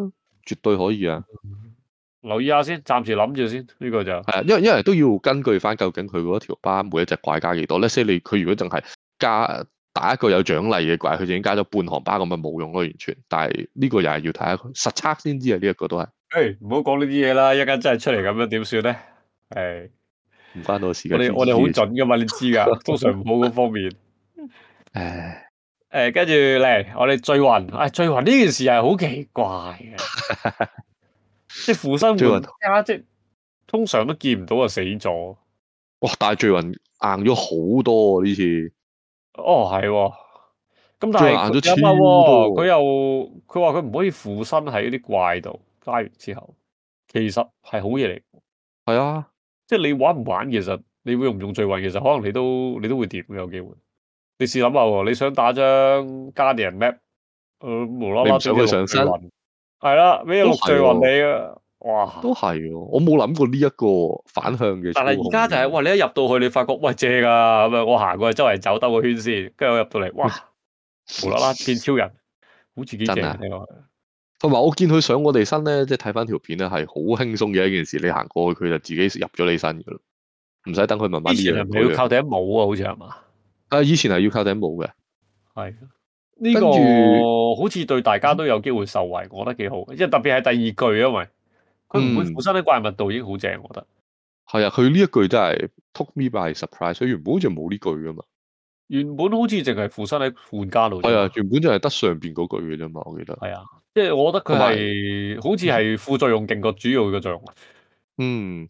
絕對可以啊！嗯、留意下先，暫時諗住先，呢、這個就係因為因為都要根據翻究竟佢嗰條巴每一隻怪加幾多咧。即係你佢如果淨係加打一個有獎勵嘅怪，佢就已經加咗半行巴咁，咪冇用咯，完全。但係呢個又係要睇下實測先知啊，呢、這、一個都係。誒、欸，唔好講呢啲嘢啦，一陣真係出嚟咁樣點算咧？誒。唔關到事嘅。我哋我哋好準噶嘛，你知噶？ (laughs) 通常唔好嗰方面。誒 (laughs) 誒、哎，跟住嚟，我哋醉魂，啊、哎、醉魂呢件事係好奇怪嘅， (laughs) 即係附身。醉魂啊，即係通常都見唔到啊，死咗。哇！但係醉魂硬咗好多啊，呢次。哦，係、啊。咁但係硬咗好多。佢、哦、又佢話佢唔可以附身喺啲怪度，加完之後，其實係好嘢嚟。係啊。即係你玩唔玩，其實你會用唔用聚雲，其實可能你都你都會跌嘅，有機會。你試諗下喎，你想打張加點人 map，呃、無啦啦唔想去上山，係啦咩六聚雲你啊、哦，哇！都係哦，我冇諗過呢一個反向嘅。但係而家就係、是，哇！你一入到去，你發覺喂正㗎，咁樣，我行過去周圍走兜個圈先，跟住我入到嚟，哇！無啦啦變超人，好似幾正啊！同埋我見佢上我哋身咧，即係睇翻條片咧，係好輕鬆嘅一件事。你行過去，佢就自己入咗你身嘅啦，唔使等佢慢慢熱嘢，以前係要靠頂帽啊，好似係嘛？啊，以前係要靠頂帽嘅。係呢、這個好似對大家都有機會受惠，嗯、我覺得幾好。即係特別係第二句，因為佢本本身啲怪物度已經好正，我覺得。係啊，佢呢一句真係 took me by surprise，所以原本好似冇呢句噶嘛。原本好似淨係附身喺玩家度，係啊，原本就係得上邊嗰句嘅啫嘛，我記得係啊，即係我覺得佢係、啊、好似係副作用勁過主要嘅作用。嗯，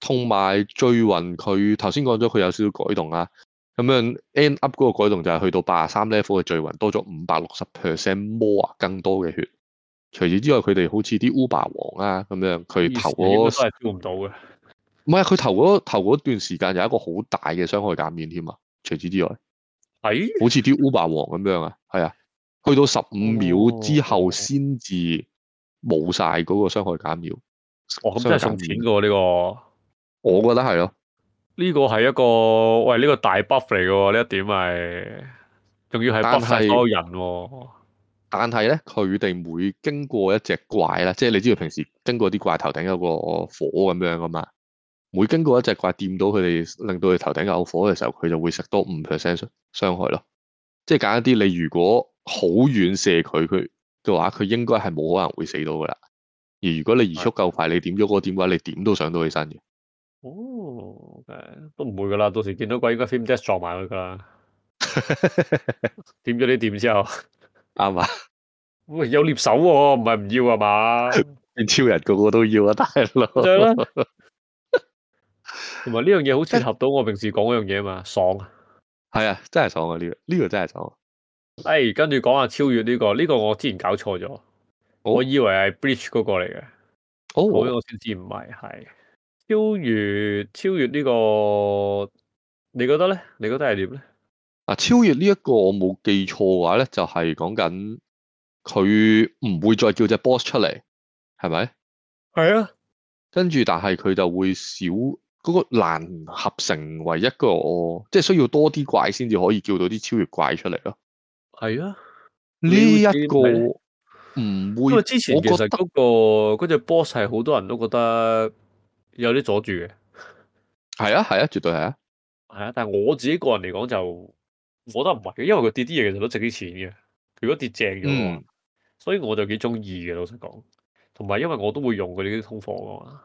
同埋聚魂佢頭先講咗，佢有少少改動啦。咁樣 end up 嗰個改動就係去到八十三 level 嘅聚魂多咗五百六十 percent more 更多嘅血。除此之外，佢哋好似啲 Uber 王啊咁樣唔係，佢頭嗰頭嗰段時間有一個好大嘅傷害減免添啊。除此之，之外，喺、欸、好似啲 Uber 王咁樣啊，係啊，去到十五秒之後先至冇晒嗰個傷害減秒。哦，咁真係送錢噶呢、這個，我覺得係咯、哦。呢、這個係一個喂呢、這個大 buff 嚟噶喎，呢一點係，仲要係幫晒多人。但係咧，佢哋、啊、每經過一隻怪咧，即係你知道平時經過啲怪頭頂有個火咁樣噶嘛。每經過一隻怪掂到佢哋，令到佢頭頂有火嘅時候，佢就會食多五 percent 傷害咯。即係揀一啲你如果好遠射佢佢嘅話，佢應該係冇可能會死到噶啦。而如果你移速夠快，你點咗嗰點嘅話，你點都上到起身嘅。哦，OK，都唔會噶啦。到時見到怪應該 Flame Dash 撞埋佢噶啦。 (laughs) 點咗啲點之後，啱 (laughs) 嘛？喂，有獵手喎，啊，唔係唔要係嘛？變 (laughs) 超人個個都要啊，大佬。就係同埋呢樣嘢好適合到我平時講嗰樣嘢啊嘛，爽啊，係啊，真係爽啊！呢、呢、呢、個呢個真係爽啊。誒、哎，跟住講下超越呢個呢個，呢個我之前搞錯咗，哦，我以為係 Bridge 嗰個嚟嘅。好，哦，我先知唔係，係超越超越呢，呢個你覺得咧？你覺得係點咧？啊，超越呢一個我冇記錯嘅話咧，就係講緊佢唔會再叫隻 Boss 出嚟，係咪係啊？跟住但係佢就會少。嗰個難合成為一個，即係需要多啲怪先至可以叫到啲超越怪出嚟咯。係啊，呢一個唔會。因為之前其實，嗰個，我覺得，嗰隻 boss 係好多人都覺得有啲阻住嘅。係啊，係啊，絕對係啊。係啊，但係我自己個人嚟講，就我覺得唔係嘅，因為佢跌啲嘢，其實都值啲錢嘅。如果跌正咗，嗯，所以我就幾中意嘅，老實講。同埋因為我都會用佢哋啲通貨噶嘛。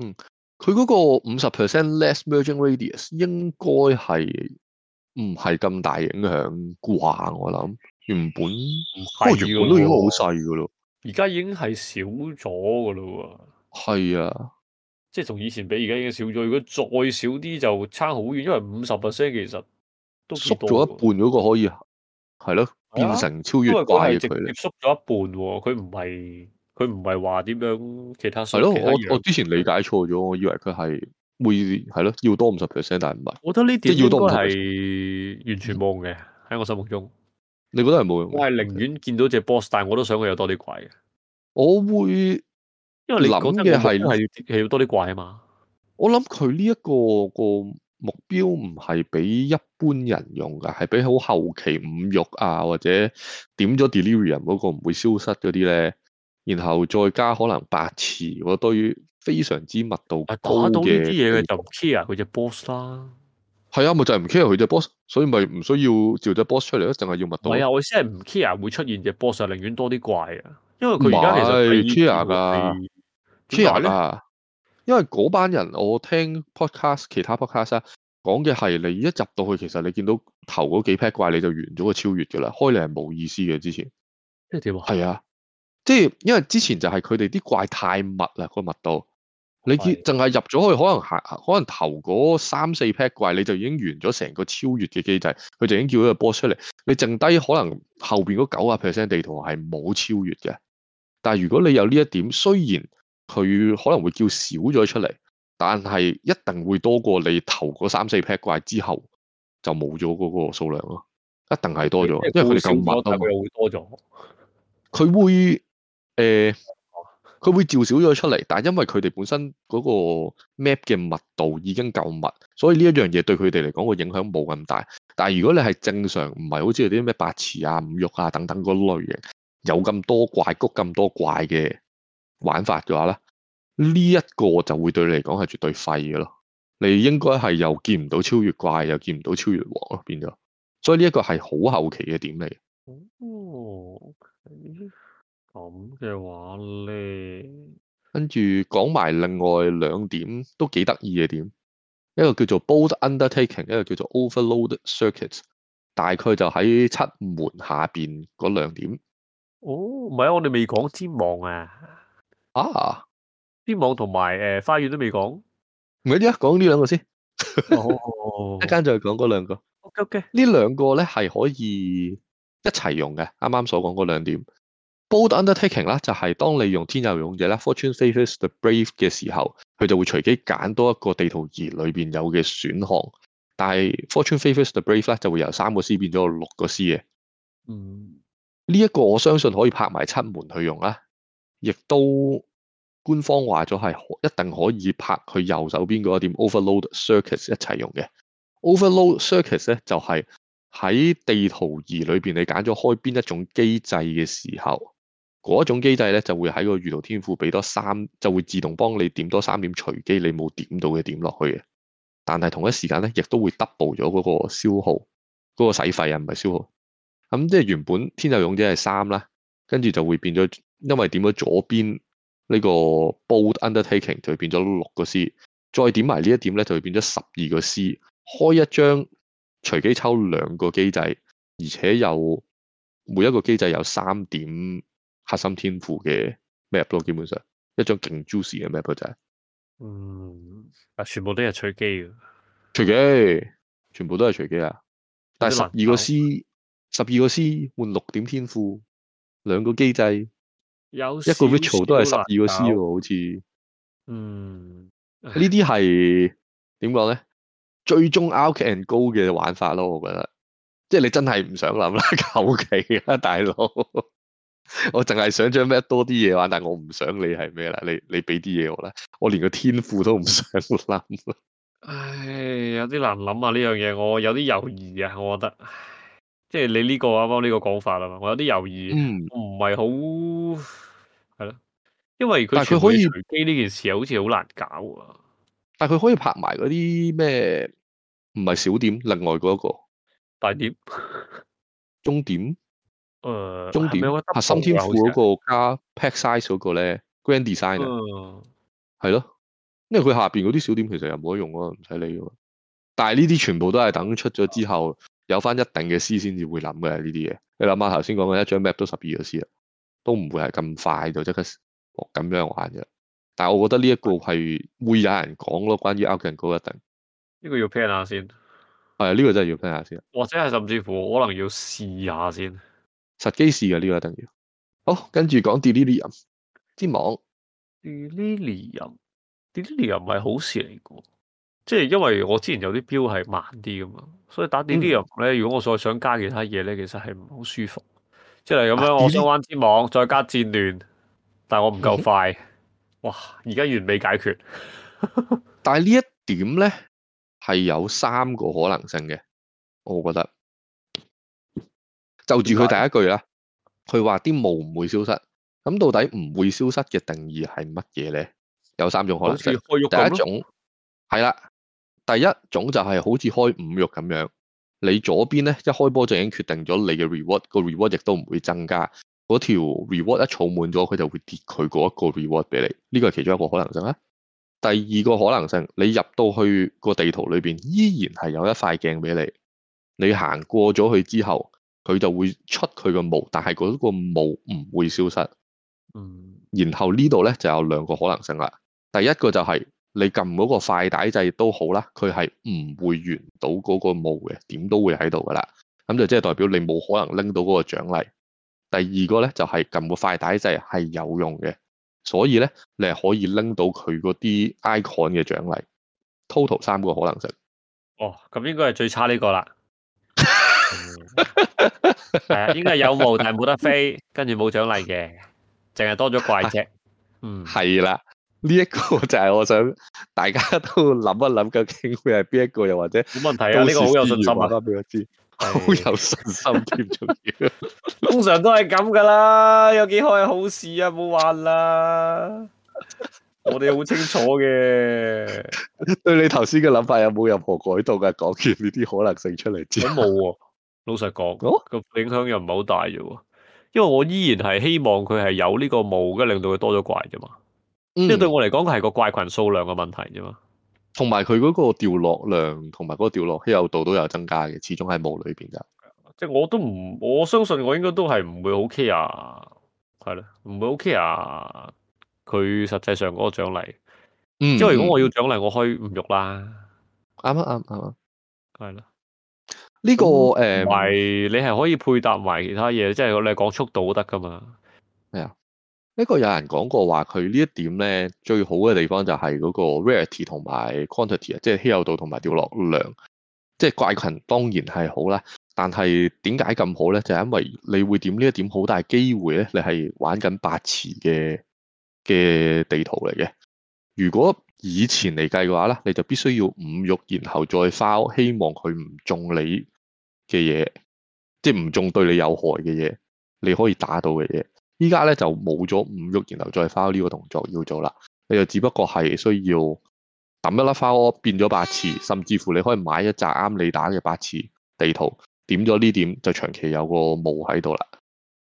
嗯。佢嗰個五十 percent less merging radius 應該係唔係咁大影響啩？我諗原本不過，那個，原本都已經好細噶咯，而家已經係少咗噶咯。係啊，即係從以前比而家已經少咗，如果再少啲就差好遠，因為五十 percent 其實都縮咗一半嗰個可以係咯，變成超越的距離。因為佢係直接縮咗一半，佢唔係。佢唔係話點樣其他，係咯？我我之前理解錯咗，我以為佢係會係咯，要多五十 percent，但係唔係。我覺得呢點應該係完全冇用嘅，喺、嗯、我心目中。你覺得係冇用？我係寧願見到隻 boss，、嗯、但係我都想佢有多啲怪。我會是，因為你諗嘅係係要多啲怪啊嘛。我諗佢呢一個個目標唔係俾一般人用嘅，係俾好後期五玉啊，或者點咗 delirium 嗰、嗰個唔會消失嗰啲咧。然後再加可能八次，我對於非常之密度高嘅打到呢啲嘢嘅就 care 佢隻 boss 啦。係啊，咪就係、是、唔 care 佢隻 boss，所以咪唔需要照隻 boss 出嚟咯，淨係要密度。係啊，我先係唔 care 會出現隻 boss，寧願多啲怪啊。因為佢而家其實 care 噶，care 咧，因為嗰班人我聽 podcast 其他 podcast 啊，講嘅係你一入到去，其實你見到頭嗰幾 p 怪，你就完咗個超越噶啦，開嚟係冇意思嘅。之前即係點係啊。即係因為之前就係佢哋啲怪太密啦，個密度你淨係入咗去，可能行可能頭嗰三四 pat 怪你就已經完咗成個超越嘅機制，佢就已經叫咗個波出嚟。你剩低可能後邊嗰九啊 percent 地圖係冇超越嘅。但係如果你有呢一點，雖然佢可能會叫少咗出嚟，但係一定會多過你頭嗰三四 pat 怪之後就冇咗嗰個數量咯，一定係多咗，因為佢夠密啊嘛，佢會。誒、欸，佢會照少咗出嚟，但係因為佢哋本身嗰個 map 嘅密度已經夠密，所以呢一樣嘢對佢哋嚟講個影響冇咁大。但係如果你係正常，唔係好似啲咩白瓷啊、五玉啊等等嗰類型，有咁多怪谷、咁多怪嘅玩法嘅話咧，呢、這、一個就會對你嚟講係絕對廢嘅咯。你應該係又見唔到超越怪，又見唔到超越王咯，變咗。所以呢一個係好後期嘅點嚟。哦、okay. 咁嘅話咧，跟住講埋另外兩點都幾得意嘅點，一個叫做 Bold Undertaking，一個叫做 overload circuit，大概就喺七門下邊嗰兩點。哦，唔係啊，我哋未講天網啊，啊，天網同埋誒花園都未講，唔係啲啊，講呢兩個先。好、哦，一陣就係講嗰兩個。OK，呢兩個咧係可以一齊用嘅，啱啱所講嗰兩點。bold undertaking 啦，就係當你用天佑勇者啦，fortune favours the brave 嘅時候，佢就會隨機揀多一個地圖儀裏面有嘅選項，但係 fortune favours the brave 咧就會由三個 C 變咗六個 C 嘅。嗯，呢、這、一個我相信可以拍埋七門去用啦。亦都官方話咗係一定可以拍佢右手邊嗰一點 overload circuit 一齊用嘅。overload circuit 咧就係、是、喺地圖儀裏面你揀咗開邊一種機制嘅時候，嗰種機制咧，就會喺個輿圖天賦俾多三，就會自動幫你點多三點隨機你冇點到嘅點落去嘅。但係同一時間咧，亦都會 double 咗嗰個消耗，嗰、嗰個使費啊，唔係消耗。咁即係原本天佑勇者係三啦，跟住就會變咗，因為點咗左邊呢個 bold undertaking，就會變咗六個 C。再點埋呢一點咧，就會變咗十二個 C。開一張隨機抽兩個機制，而且有每一個機制有三點。核心天賦嘅 map 咯，基本上一張勁 juicy 嘅 map 就係，嗯，啊，全部都係隨機嘅，隨機，全部都係隨機啊！但係十二個 C，十二個 C 換六點天賦，兩個機制，有少少一個 vital 都係十二個 C 喎，好似，嗯，麼呢啲係點講咧？ (laughs) 最終 out and go 嘅玩法咯，我覺得，即係你真係唔想諗啦，求其啦，大佬。我淨係想將咩多啲嘢玩，但我唔想你係咩啦。你你俾啲嘢我啦，我連個天賦都唔想諗 (laughs) 唉，有啲難諗啊呢樣嘢，我有啲猶豫啊。我覺得，即係、就是、你呢、這個啱啱呢個講法啦，我有啲猶豫，唔係好係咯。因為佢佢可以隨機呢件事，好似好難搞啊。但係佢可以拍埋嗰啲咩？唔係小點，另外嗰、那、一個大點、中 (laughs) 點。誒，終點啊，新天賦嗰個加 pack size 嗰個咧，Grand Design 係、uh... 咯，因為佢下邊嗰啲小點其實又冇得用咯，唔使理噶。但係呢啲全部都係等出咗之後有翻一定嘅 C 先至會諗嘅呢啲嘢。你諗下頭先講嘅一張 map 都十二個 C 啦，都唔會係咁快就即刻咁樣玩嘅。但係我覺得呢一個係會有人講咯，關於 upgrade 一定呢、這個要 plan 下先，係呢、這個真係要 plan 下先，或者係甚至乎可能要試下先。實機事嘅、啊、呢、這個等於好，跟住講 Delirium 之網 Delirium Delirium 唔係好事嚟嘅，即係因為我之前有啲標係慢啲噶嘛，所以打 Delirium 咧，如果我再想加其他嘢咧，其實係唔好舒服，即係咁樣、啊，我想玩之網、啊、再加戰亂，但係我唔夠快、嗯，哇！而家完美解決， (laughs) 但係呢一點咧係有三個可能性嘅，我覺得。就住佢第一句啦。佢話啲霧唔會消失，咁到底唔會消失嘅定義係乜嘢咧？有三種可能性。第一種係啦，第一種就係好似開五肉咁樣，你左邊咧一開波就已經決定咗你嘅 reward，個 reward 亦都唔會增加。嗰條 reward 一儲滿咗，佢就會跌佢嗰一個 reward 俾你。呢個係其中一個可能性啦。第二個可能性，你入到去個地圖裏邊，依然係有一塊鏡俾你，你行過咗去之後。佢就會出佢個霧，但係嗰個霧唔會消失。嗯。然後這裡呢度咧就有兩個可能性啦。第一個就係、是、你撳嗰個快帶掣都好啦，佢係唔會完到嗰個霧嘅，點都會喺度噶啦。咁就即係代表你冇可能拎到嗰個獎勵。第二個咧就係、是、撳個快帶掣係有用嘅，所以咧你係可以拎到佢嗰啲 icon 嘅獎勵。Total 三個可能性。哦，咁應該係最差呢個啦。係啊，應該有毛，但係冇得飛， (laughs) 跟住冇獎勵嘅，淨係多咗怪隻、啊。嗯，係啦，呢、這、一個就係我想大家都諗一諗，究竟會係邊一個又或者？冇問題啊，呢、這個好有信心啊，翻俾我知。好有信心，添重 (laughs) 還要。 (laughs) 通常都係咁噶啦，有幾可好事啊，冇話啦。 (laughs) 我哋好清楚嘅， (laughs) 對你頭先嘅諗法有冇任何改動噶、啊？講完呢啲可能性出嚟先。冇喎、啊。老實講，個影響又唔係好大啫喎，因為我依然係希望佢係有呢個霧嘅，令到佢多咗怪啫嘛。即、嗯、係、這個、對我嚟講，佢係個怪群數量嘅問題啫嘛。同埋佢嗰個掉落量同埋嗰個掉落稀有度都有增加嘅，始終喺霧裏邊咋。即、就、係、是、我都唔，我相信我應該都係唔會好 care，係咯，唔會好 care 佢實際上嗰個獎勵。因、嗯、即如果我要獎勵，我可以唔喐啦。啱、嗯、啊，啱、嗯、啊，啱、嗯、啊。係啦。呢、這個誒，係、嗯，你係可以配搭埋其他嘢，即、就、係、是、你係講速度都得噶嘛？係啊，呢個有人講過話，佢呢一點咧，最好嘅地方就係嗰個 rarity 同埋 quantity 啊，即係稀有度同埋掉落量。即、就、係、是、怪群當然係好啦，但係點解咁好咧？就係、是、因為你會點呢一點好大機會咧？你係玩緊八次嘅嘅地圖嚟嘅。如果以前嚟計嘅話咧，你就必須要五玉然後再拋，希望佢唔中你。嘅嘢，即係唔中對你有害嘅嘢，你可以打到嘅嘢。依家咧就冇咗五喐，然後再花呢個動作要做啦。你就只不過係需要揼一粒花。u 變咗八次，甚至乎你可以買一隻啱你打嘅八次。地圖，點咗呢點就長期有個模喺度啦。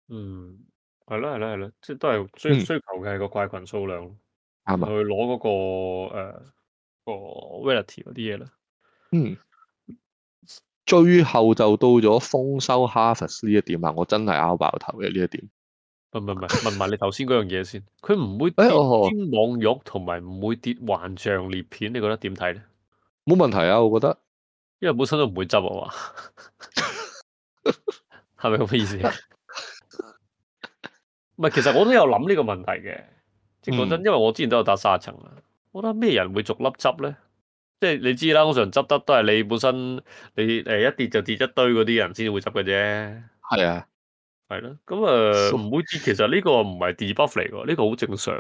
嗯，係囉係囉係囉，即係都係需追求嘅係個怪群數量，咪、嗯？去攞嗰、那個誒、呃那個 rarity 啲嘢啦。嗯。最後就到咗豐收 harvest 呢一點啊，我真係拗爆頭嘅呢一點。唔唔唔，問埋你頭先嗰樣嘢先。佢唔會跌天網玉同埋唔會跌幻象裂片，你覺得點睇咧？冇問題啊，我覺得，因為本身都唔會執啊嘛，係咪咁嘅意思？唔 (laughs) 係，其實我都有諗呢個問題嘅。嗰陣、嗯、因為我之前都有打沙層啊，我覺得咩人會逐粒執咧？即係你知啦，通常執得都係你本身，你誒一跌就跌一堆嗰啲人先會執嘅啫。係啊，係咯，咁啊唔會知。其實呢個唔係 debuff 嚟噶，呢個好正常。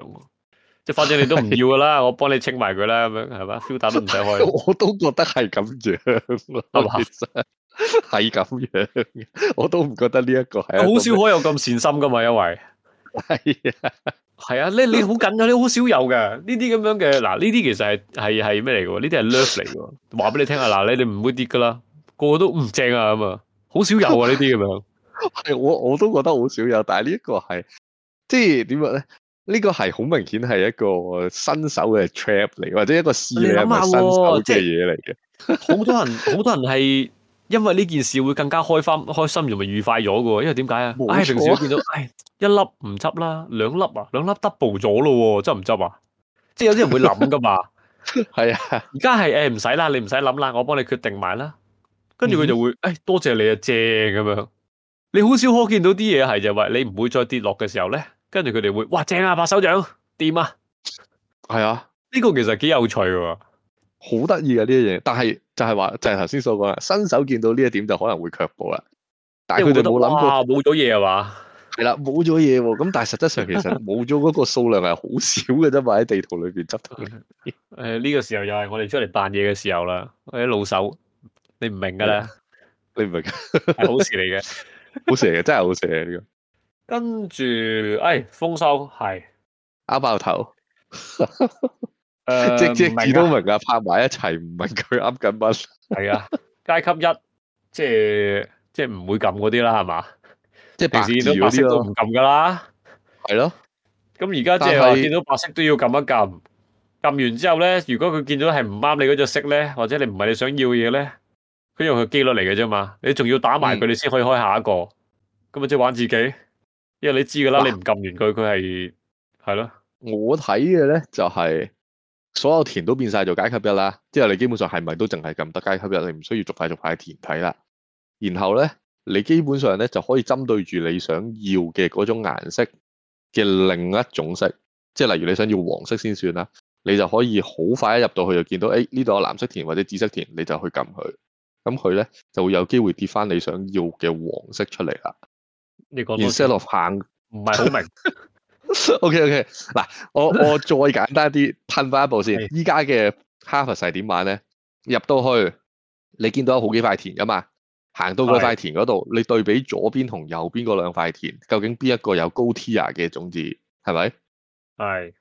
即係反正你都唔要噶啦，我幫你清埋佢啦，咁樣係嘛，field 都唔使開。我都覺得係咁樣，係咁樣，我都唔覺得呢一個係。好少可有咁善心噶嘛，因為。係啊，係啊，咧你好緊啊，你好、啊、少有噶呢啲咁樣嘅，嗱呢啲其實係係係咩嚟嘅？呢啲係 love 嚟嘅，話俾你聽下，嗱、 (laughs) 啊、你哋唔會跌噶啦，個個都唔正啊咁啊，好少有啊呢啲咁樣，係 (laughs) 我我都覺得好少有，但係呢一、這個係即係點樣咧？呢個係好明顯係一個新手嘅 trap 嚟，或者一個試你係咪新手嘅嘢嚟嘅，好、啊就是、多人好多人係。 (laughs) 因為呢件事會更加開翻開心，仲咪愉快咗嘅。因為點解啊？哎，平時我見到，哎，一粒唔執啦，兩粒啊，兩粒 double 咗咯，執唔執啊？即係有啲人會諗噶嘛。係啊。而家係誒唔使啦，你唔使諗啦，我幫你決定埋啦。跟住佢就會，哎，多謝你啊，正咁樣。你好少可見到啲嘢係就話你唔會再跌落嘅時候咧，跟住佢哋會，哇，正啊，拍手掌，掂啊。係啊，呢個其實幾有趣嘅。好得意嘅呢一樣嘢。但係就係話就係頭先所講啦，新手見到呢一點就可能會卻步啦。但係佢哋冇諗過，冇咗嘢係嘛？係啦，冇咗嘢喎。咁但係實質上其實冇咗嗰個數量係好少嘅啫，咪喺地圖裏邊執到。誒、 (laughs) 呃，呢、這個時候又係我哋出嚟扮嘢嘅時候啦。我、哎、啲老手，你唔明噶啦，你唔明， (laughs) 係好事嚟嘅， (laughs) 好事嚟嘅，真係好事嚟嘅。呢 (laughs) 跟住，誒、哎，豐收係，拗爆頭。 (laughs) 即即字都明噶，拍埋一齊唔問佢噏緊乜？係啊，階級一即即唔會撳嗰啲啦，係嘛？即係平時見到白色都唔撳噶啦，係咯。咁而家即係見到白色都要撳一撳，撳完之後咧，如果佢見到係唔啱你嗰隻色咧，或者你唔係你想要嘅嘢咧，佢用佢機率嚟嘅啫嘛。你仲要打埋佢，你先可以開下一個。咁啊，即係玩自己，因為你知噶啦，你唔撳完佢，佢係係咯。我睇嘅咧就係。所有田都變晒做階級一啦，之後你基本上係咪都淨係撳得階級一？你唔需要逐塊逐塊田睇啦。然後咧，你基本上咧就可以針對住你想要嘅嗰種顏色嘅另一種色，即係例如你想要黃色先算啦，你就可以好快一入到去就見到，誒呢度有藍色田或者紫色田，你就去撳佢，咁佢咧就會有機會跌翻你想要嘅黃色出嚟啦。你講 set of 行，唔係好明。 (laughs) O K O K 嗱，我我再簡單啲，褪 (laughs) 翻一步先。依家嘅 Harvest 係點玩咧？入到去，你見到有好幾塊田噶嘛？行到嗰塊田嗰度，你對比左邊同右邊嗰兩塊田，究竟邊一個有高 Tier 嘅種子？係咪？係。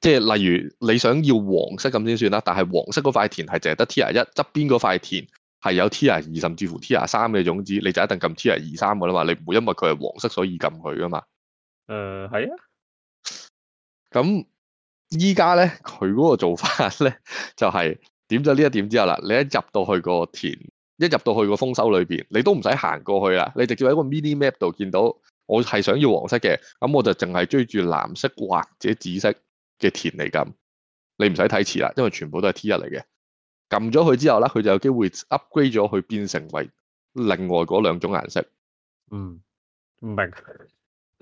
即係例如你想要黃色咁先算啦，但係黃色嗰塊田係淨係得 Tier 一，側邊嗰塊田係有 Tier 二甚至乎 Tier 三嘅種子，你就一定撳 Tier 二三噶啦嘛。你唔會因為佢係黃色所以撳佢噶嘛？誒、呃，係啊。咁依家咧，佢嗰個做法咧就係點咗呢一點之後啦，你一入到去個田，一入到去個豐收裏邊，你都唔使行過去啦，你直接喺個 mini map 度見到我係想要黃色嘅，咁我就淨係追住藍色或者紫色嘅田嚟撳，你唔使睇字啦，因為全部都係 T 一嚟嘅，撳咗佢之後啦，佢就有機會 upgrade 咗佢，變成為另外嗰兩種顏色。嗯，唔明白。 (laughs)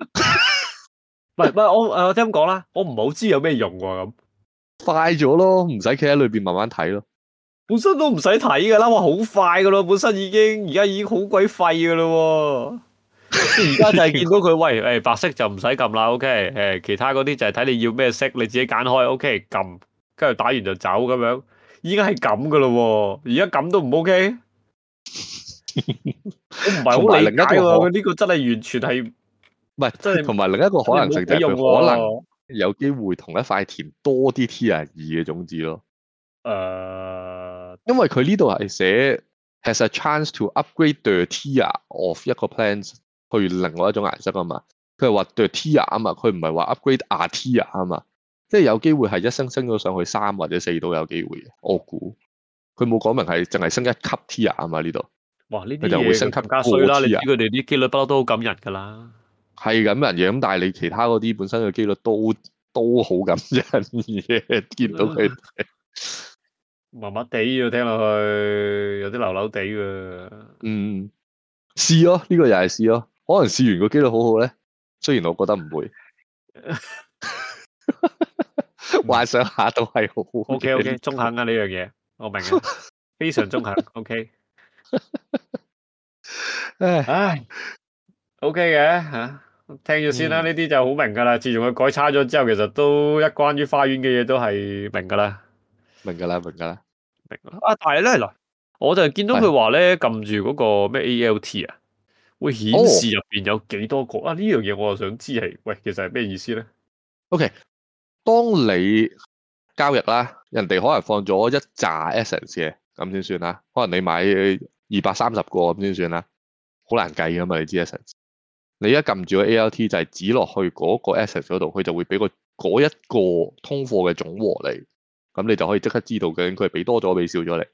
唔係唔係我誒，我聽咁講啦，我唔係好知有咩用喎。咁，快咗咯，唔使企喺裏邊慢慢睇咯。本身都唔使睇噶啦，哇，好快噶咯，本身已經而家已經好鬼廢噶啦。而家就係見到佢，喂誒，白色就唔使撳啦，OK，誒其他嗰啲就係睇你要咩色，你自己揀開，OK 撳，跟住打完就走咁樣。而家係咁噶啦，而家咁都唔 OK。我唔係好理解喎，呢個真係完全係。唔係，即係同埋另一個可能性就係可能有機會同一塊田多啲 Tier 二嘅種子咯。誒、呃，因為佢呢度係寫 has a chance to upgrade the Tier of 一個 plants 去另外一種顏色啊嘛。佢係話 the Tier 啊嘛，佢唔係話 upgrade R Tier 啊嘛。即係有機會係一升升咗上去三或者四都有機會。我估佢冇講明係淨係升一級 Tier 啊嘛。呢度哇，呢啲嘢會升級加衰啦。你知佢哋啲機率不嬲都好感人噶啦。係咁人嘅，但係你其他嗰啲本身嘅機率都都好咁樣嘅，見到佢麻麻地要聽落去，有啲流流地嘅。嗯，試咯，呢、這個又係試咯，可能試完個機率好好咧。雖然我覺得唔會，幻 (laughs) (laughs) 想下都係好。好。O K O K，中肯啊呢樣嘢，我明啊， (laughs) 非常中肯。O、okay、K， (laughs) 唉，O K 嘅吓。 (laughs) okay 的啊聽咗先啦，呢、嗯、啲就好明噶啦。自從佢改差咗之後，其實都一關於花園嘅嘢都係明噶啦，明噶啦，明噶啦，明。啊，但係咧嗱，我就見到佢話咧，撳住嗰個咩 A L T 啊，會顯示入邊有幾多個、哦、啊？呢樣嘢我又想知係，喂，其實係咩意思咧？O K，當你交易啦，人哋可能放咗一揸 essence 嘅，咁先算啦。可能你買二百三十個咁先算啦，好難計噶嘛，你知 essence。你一撳住個 ALT 就係指落去嗰個 access 嗰度，佢就會俾個嗰一個通貨嘅總和你，咁你就可以即刻知道究竟佢係俾多咗俾少咗你。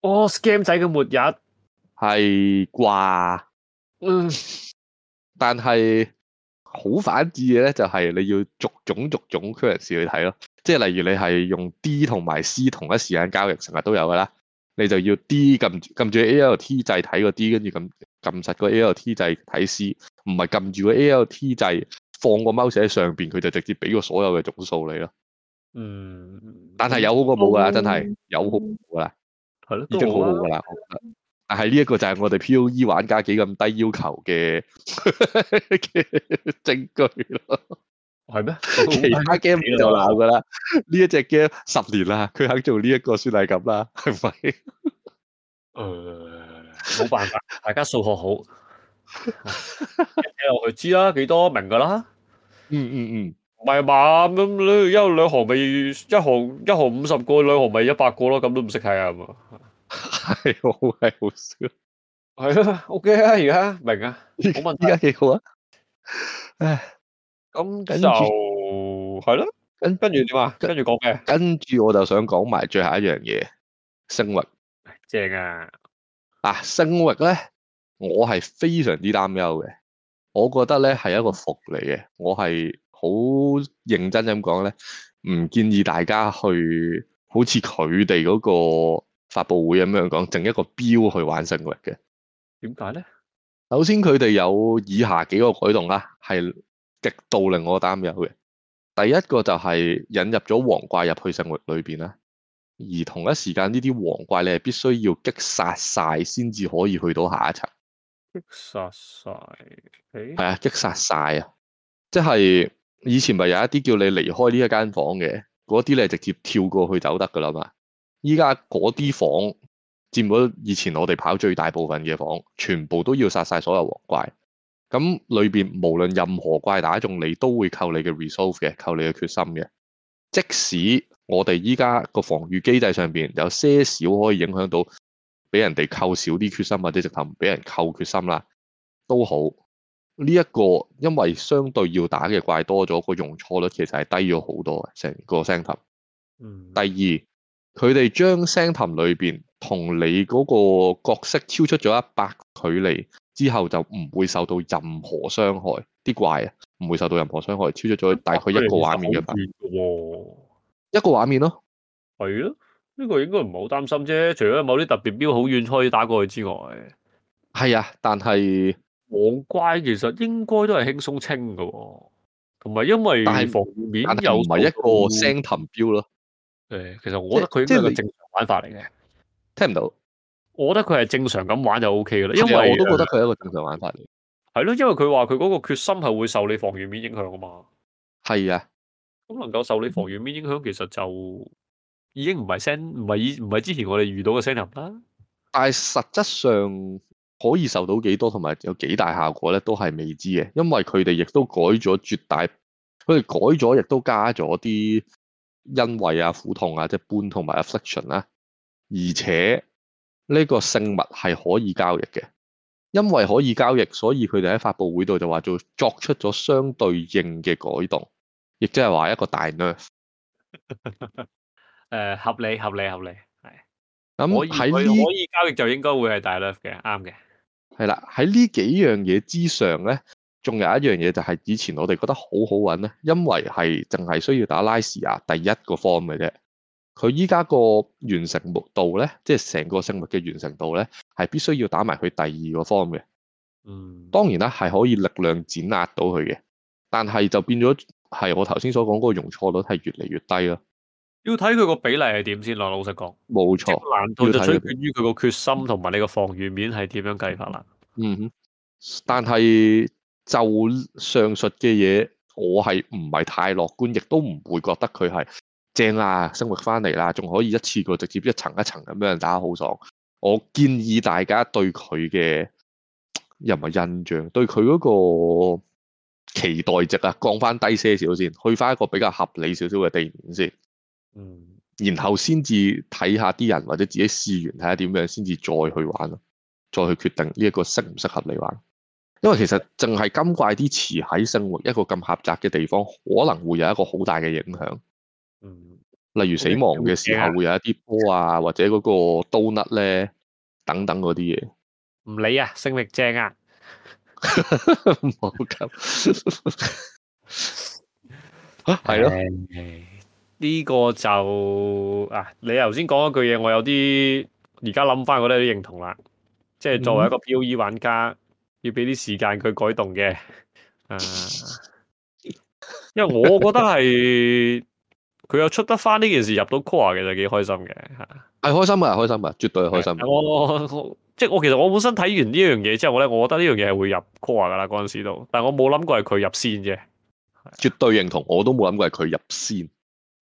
oh。哦，scam 仔嘅末日係啩？嗯，mm。但係好反智嘅咧，就係你要逐種逐種 currency 去睇咯。即係例如你係用 D 同埋 C 同一時間交易，成日都有噶啦，你就要 D 撳撳住住 ALT 就係睇嗰啲，跟住咁。撳實個 ALT 掣睇書，唔係撳住個 ALT 掣放個貓寫喺上邊，佢就直接俾個所有嘅總數你咯。嗯，但係有好過冇噶，真係有好噶啦，係、嗯、咯，已經好好噶啦、啊。但係呢一個就係我哋 POE 玩家幾咁低要求嘅嘅 (laughs) 證據咯。係咩？ (laughs) 其他 game 就鬧噶啦，呢一隻 game 十年啦，佢肯做呢一個算係咁啦，係咪？誒、uh...。冇辦法，大家數學好，睇落佢知啦，幾多明噶啦，嗯嗯嗯，唔係嘛，咁你一兩行咪一行一行五十個，兩行咪一百個咯，咁都唔識睇啊，係好係好笑，係啦，OK 啊，而家明啊，好問而家幾好啊，唉，咁就係咯，跟跟住點啊？跟住講嘅，跟住我就想講埋最後一樣嘢，聖域，正啊！啊，聖域咧，我係非常之擔憂嘅。我覺得咧係一個伏嚟嘅，我係好認真咁講咧，唔建議大家去好似佢哋嗰個發佈會咁樣講，整一個標去玩聖域嘅。點解咧？首先佢哋有以下幾個改動啊，係極度令我擔憂嘅。第一個就係引入咗黃怪入去聖域裏邊啦、啊。而同一時間，呢啲黃怪你係必須要擊殺晒先至可以去到下一層。擊殺晒，誒、欸，係啊，擊殺晒啊！即係以前咪有一啲叫你離開呢一間房嘅，嗰啲你直接跳過去走得噶啦嘛。依家嗰啲房佔咗以前我哋跑最大部分嘅房，全部都要殺晒所有黃怪。咁裏面，無論任何怪打中你，都會扣你嘅 Resolve 嘅，扣你嘅決心嘅，即使。我哋依家個防禦機制上邊有些少可以影響到，俾人哋扣少啲決心或者直頭唔俾人扣決心啦，都好。呢一個因為相對要打嘅怪多咗，個容錯率其實係低咗好多嘅成個聖域。嗯。第二，佢哋將聖域裏邊同你嗰個角色超出咗一百距離之後，就唔會受到任何傷害。啲怪啊，唔會受到任何傷害，超出咗大概一個畫面嘅範圍一個畫面咯，係咯、啊，呢、這個應該唔好擔心啫。除咗某啲特別標好遠可以打過去之外，係啊。但係網怪其實應該都係輕鬆清噶、哦，同埋因為但係防禦面又唔係一個聲騰標咯。誒、欸，其實我覺得佢應該係個正常玩法嚟嘅。聽唔到？我覺得佢係正常咁玩就 O K 噶啦，因為我都覺得佢係一個正常玩法嚟。係咯，因為佢話佢嗰個決心係會受你防禦面影響㗎嘛。係啊。咁能夠受你防禦面影響，其實就已經唔係 Sanctum 唔係以唔係之前我哋遇到嘅 Sanctum 啦。但係實質上可以受到幾多，同埋有幾大效果咧，都係未知嘅。因為佢哋亦都改咗絕大，佢哋改咗亦都加咗啲恩惠啊、苦痛啊、即、就、係、是、boon 同埋 affliction 啦、啊。而且呢個聖物係可以交易嘅，因為可以交易，所以佢哋喺發佈會度就話做作出咗相對應嘅改動。亦即係話一個大 Nerf，誒， (laughs) 合理合理合理，係、嗯。咁喺可以交易就應該會係大 Nerf 嘅，啱嘅。係啦，喺呢幾樣嘢之上咧，仲有一樣嘢就係以前我哋覺得很好好搵咧，因為係淨係需要打拉氏啊，第一個 form 嘅啫。佢依家個完成度咧，即係成個生物嘅完成度咧，係必須要打埋佢第二個 form 嘅。嗯。當然啦，係可以力量碾壓到佢嘅，但係就變咗。係我頭先所講嗰個容錯率係越嚟越低咯，要睇佢個比例係點先咯，老實講，冇錯。有難度就取決於佢個決心同埋你個防禦面係點樣計法啦。嗯哼，但係就上述嘅嘢，我係唔係太樂觀，亦都唔會覺得佢係正啊，生活翻嚟啦，仲可以一次過直接一層一層咁俾人打好爽。我建議大家對佢嘅又唔係印象，對佢嗰個。期待值啊，降翻低些少先，去翻一個比較合理少少嘅地面先，嗯，然後先至睇下啲人或者自己試完睇下點樣，先至再去玩咯，再去決定呢一個適唔適合你玩。因為其實淨係金怪啲詞喺聖域一個咁狹窄嘅地方，可能會有一個好大嘅影響。例如死亡嘅時候會有一啲波啊，嗯、或者嗰個刀甩咧，等等嗰啲嘢。唔理啊，生力正啊。冇咁係咯？呢個就 (laughs) 啊，你頭先講嗰句嘢，我有啲而家諗翻，我都有啲認同啦。即係作為一個 POE 玩家，嗯、要俾啲時間佢改動嘅。啊、 (laughs) 因為我覺得係佢又出得翻呢件事入到 Core 嘅，就幾開心嘅係開心啊，開心啊，絕對開心。 (laughs) uh, 即係我其實我本身睇完呢樣嘢之後咧，我覺得呢樣嘢係會入 Core 嘅啦，嗰陣時都，但係我冇諗過係佢入先啫，絕對認同，我都冇諗過係佢入先。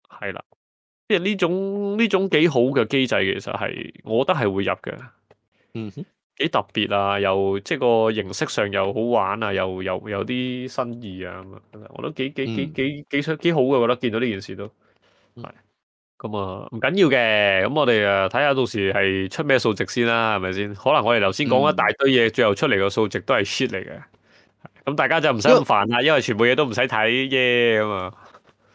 係啦，即係呢種呢種幾好嘅機制其實係，我覺得係會入嘅。嗯哼，幾特別啊，又即係個形式上又好玩啊，又又有啲新意啊咁啊，我都幾幾幾幾幾想幾好嘅，我覺得見到呢件事都係。咁啊，唔緊要嘅，咁我哋啊睇下到時係出咩數值先啦，係咪先？可能我哋頭先講一大堆嘢，嗯，最後出嚟嘅數值都係 shit 嚟嘅。咁大家就唔使咁煩啦，因為全部嘢都唔使睇嘅。咁，yeah, 啊。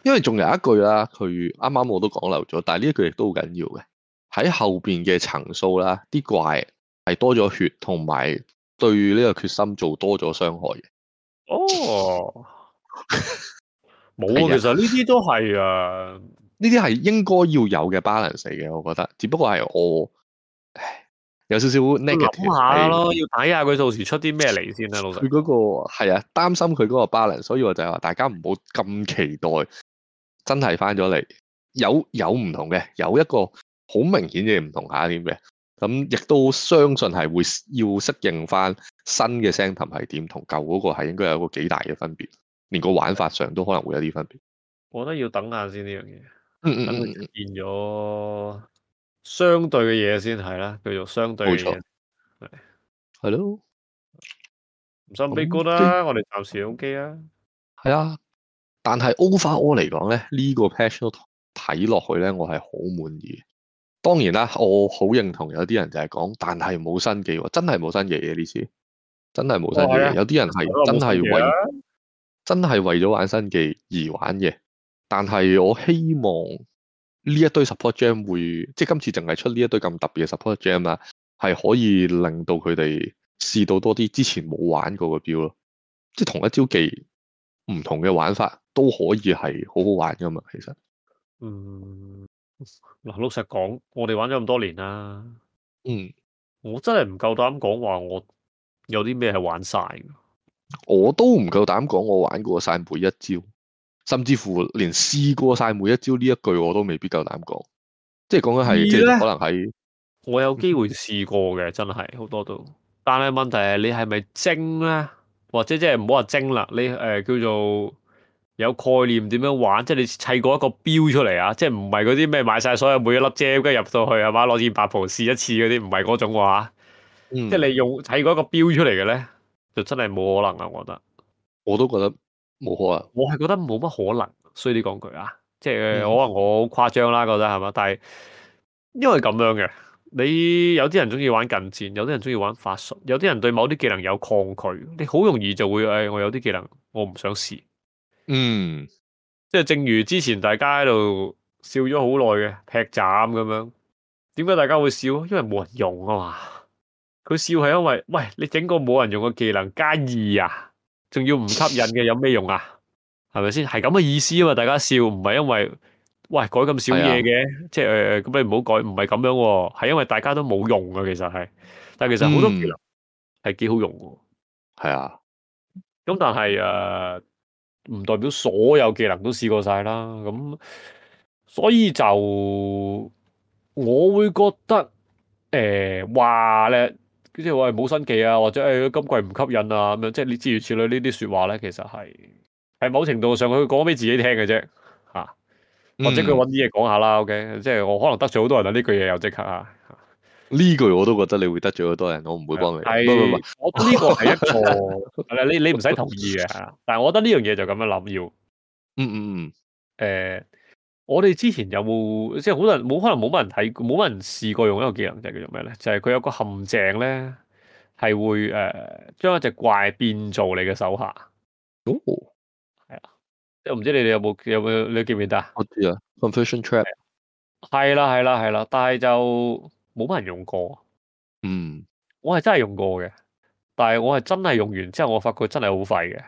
因為仲有一句啦，佢啱啱我都講漏咗，但係呢一句亦都好緊要嘅。喺後邊嘅層數啦，啲怪係多咗血，同埋對呢個決心做多咗傷害嘅。哦，冇 (laughs) 有啊， (laughs) 其實呢啲都係呢啲係應該要有嘅 balance 嘅，我覺得，只不過係我，唉有少少 negative 諗下咯，要睇下佢到時出啲咩嚟先老實。佢嗰個係啊，擔心佢嗰個 balance，所以我就係話大家唔好咁期待，真係翻咗嚟有有唔同嘅，有一個好明顯嘅唔同下啲咩？咁亦都相信係會要適應翻新嘅 system 係點，同舊嗰個係應該有個幾大嘅分別，連個玩法上都可能會有啲分別。我覺得要等下先呢樣嘢。嗯嗯嗯，咗相對嘅嘢，先係啦，叫做相對冇錯，係係咯，唔使 make 歌啦，我哋暫時 OK 啊。係啊，但係 Overall 嚟講咧，這個，呢個 patch 都睇落去咧，我係好滿意。當然啦，我好認同有啲人就係講，但係冇新技，真係冇新技嘅呢次，真係冇新技。有啲人係真係為真係為咗玩新技而玩嘅。但係我希望呢一堆 support gem 會，即係今次淨係出呢一堆咁特別嘅 support gem 啦，係可以令到佢哋試到多啲之前冇玩過嘅表咯。即係同一招技唔同嘅玩法都可以係好好玩噶嘛，其實。嗯，嗱，老實講，我哋玩咗咁多年啦。嗯，我真係唔夠膽講話我有啲咩係玩晒，我都唔夠膽講我玩過晒每一招。甚至乎連試過晒每一招呢一句，我都未必夠膽講。即係講緊係，即係可能係我有機會試過嘅， (laughs) 真係好多都。但係問題係你係咪精咧？或者即係唔好話精啦，你誒、呃、叫做有概念點樣玩？即係你砌過一個標出嚟啊！即係唔係嗰啲咩買晒所有每一粒 Gem 入到去係嘛，攞件白袍試一次嗰啲，唔係嗰種嘅話，嗯、即係你用砌過一個標出嚟嘅咧，就真係冇可能啊！我覺得，我都覺得。冇可能，我係覺得冇乜可能，衰啲講句啊，即係可能我誇張啦，覺得係咪？但係因為咁樣嘅，你有啲人中意玩近戰，有啲人中意玩法術，有啲人對某啲技能有抗拒，你好容易就會誒、哎，我有啲技能我唔想試，嗯，即係正如之前大家喺度笑咗好耐嘅劈斬咁樣，點解大家會笑？因為冇人用啊嘛，佢笑係因為，喂，你整個冇人用嘅技能加二啊！仲要唔吸引嘅，有咩用啊？係咪先？係咁嘅意思啊嘛！大家笑，唔係因為喂改咁少嘢嘅，啊、即係咁你唔好改，唔係咁樣、啊，係因為大家都冇用啊！其實係，但係其實好多技能係幾好用嘅，係、嗯、啊。咁但係誒，唔代表所有技能都試過晒啦。咁、嗯、所以就我會覺得誒話咧。呃佢即係話冇新技啊，或者係今季唔吸引啊，咁樣即係你諸如此類呢啲說話咧，其實係係某程度上佢講俾自己聽嘅啫，吓、啊、或者佢揾啲嘢講下啦、嗯。OK，即係我可能得罪好多人啊，呢句嘢又即刻啊，呢句我都覺得你會得罪好多人，我唔會幫你。係不不不不我呢、呢個係一個 (laughs) 你你唔使同意嘅、啊，但係我覺得呢樣嘢就咁樣諗要，嗯嗯嗯，誒、啊。我哋之前有冇即係好多人冇可能冇乜人睇，冇乜人試過用一個技能就是、叫做咩咧？就係、是、佢有個陷阱咧，係會誒、呃、將一隻怪變做你嘅手下。哦，係、就是、啊，即係唔知你哋有冇有冇你記唔記得啊？我知啊 Conversion Trap 係啦係啦係啦，但係就冇乜人用過。嗯，我、嗯、係、嗯嗯、真係用過嘅，但係我係真係用完之後，我發覺真係好廢嘅。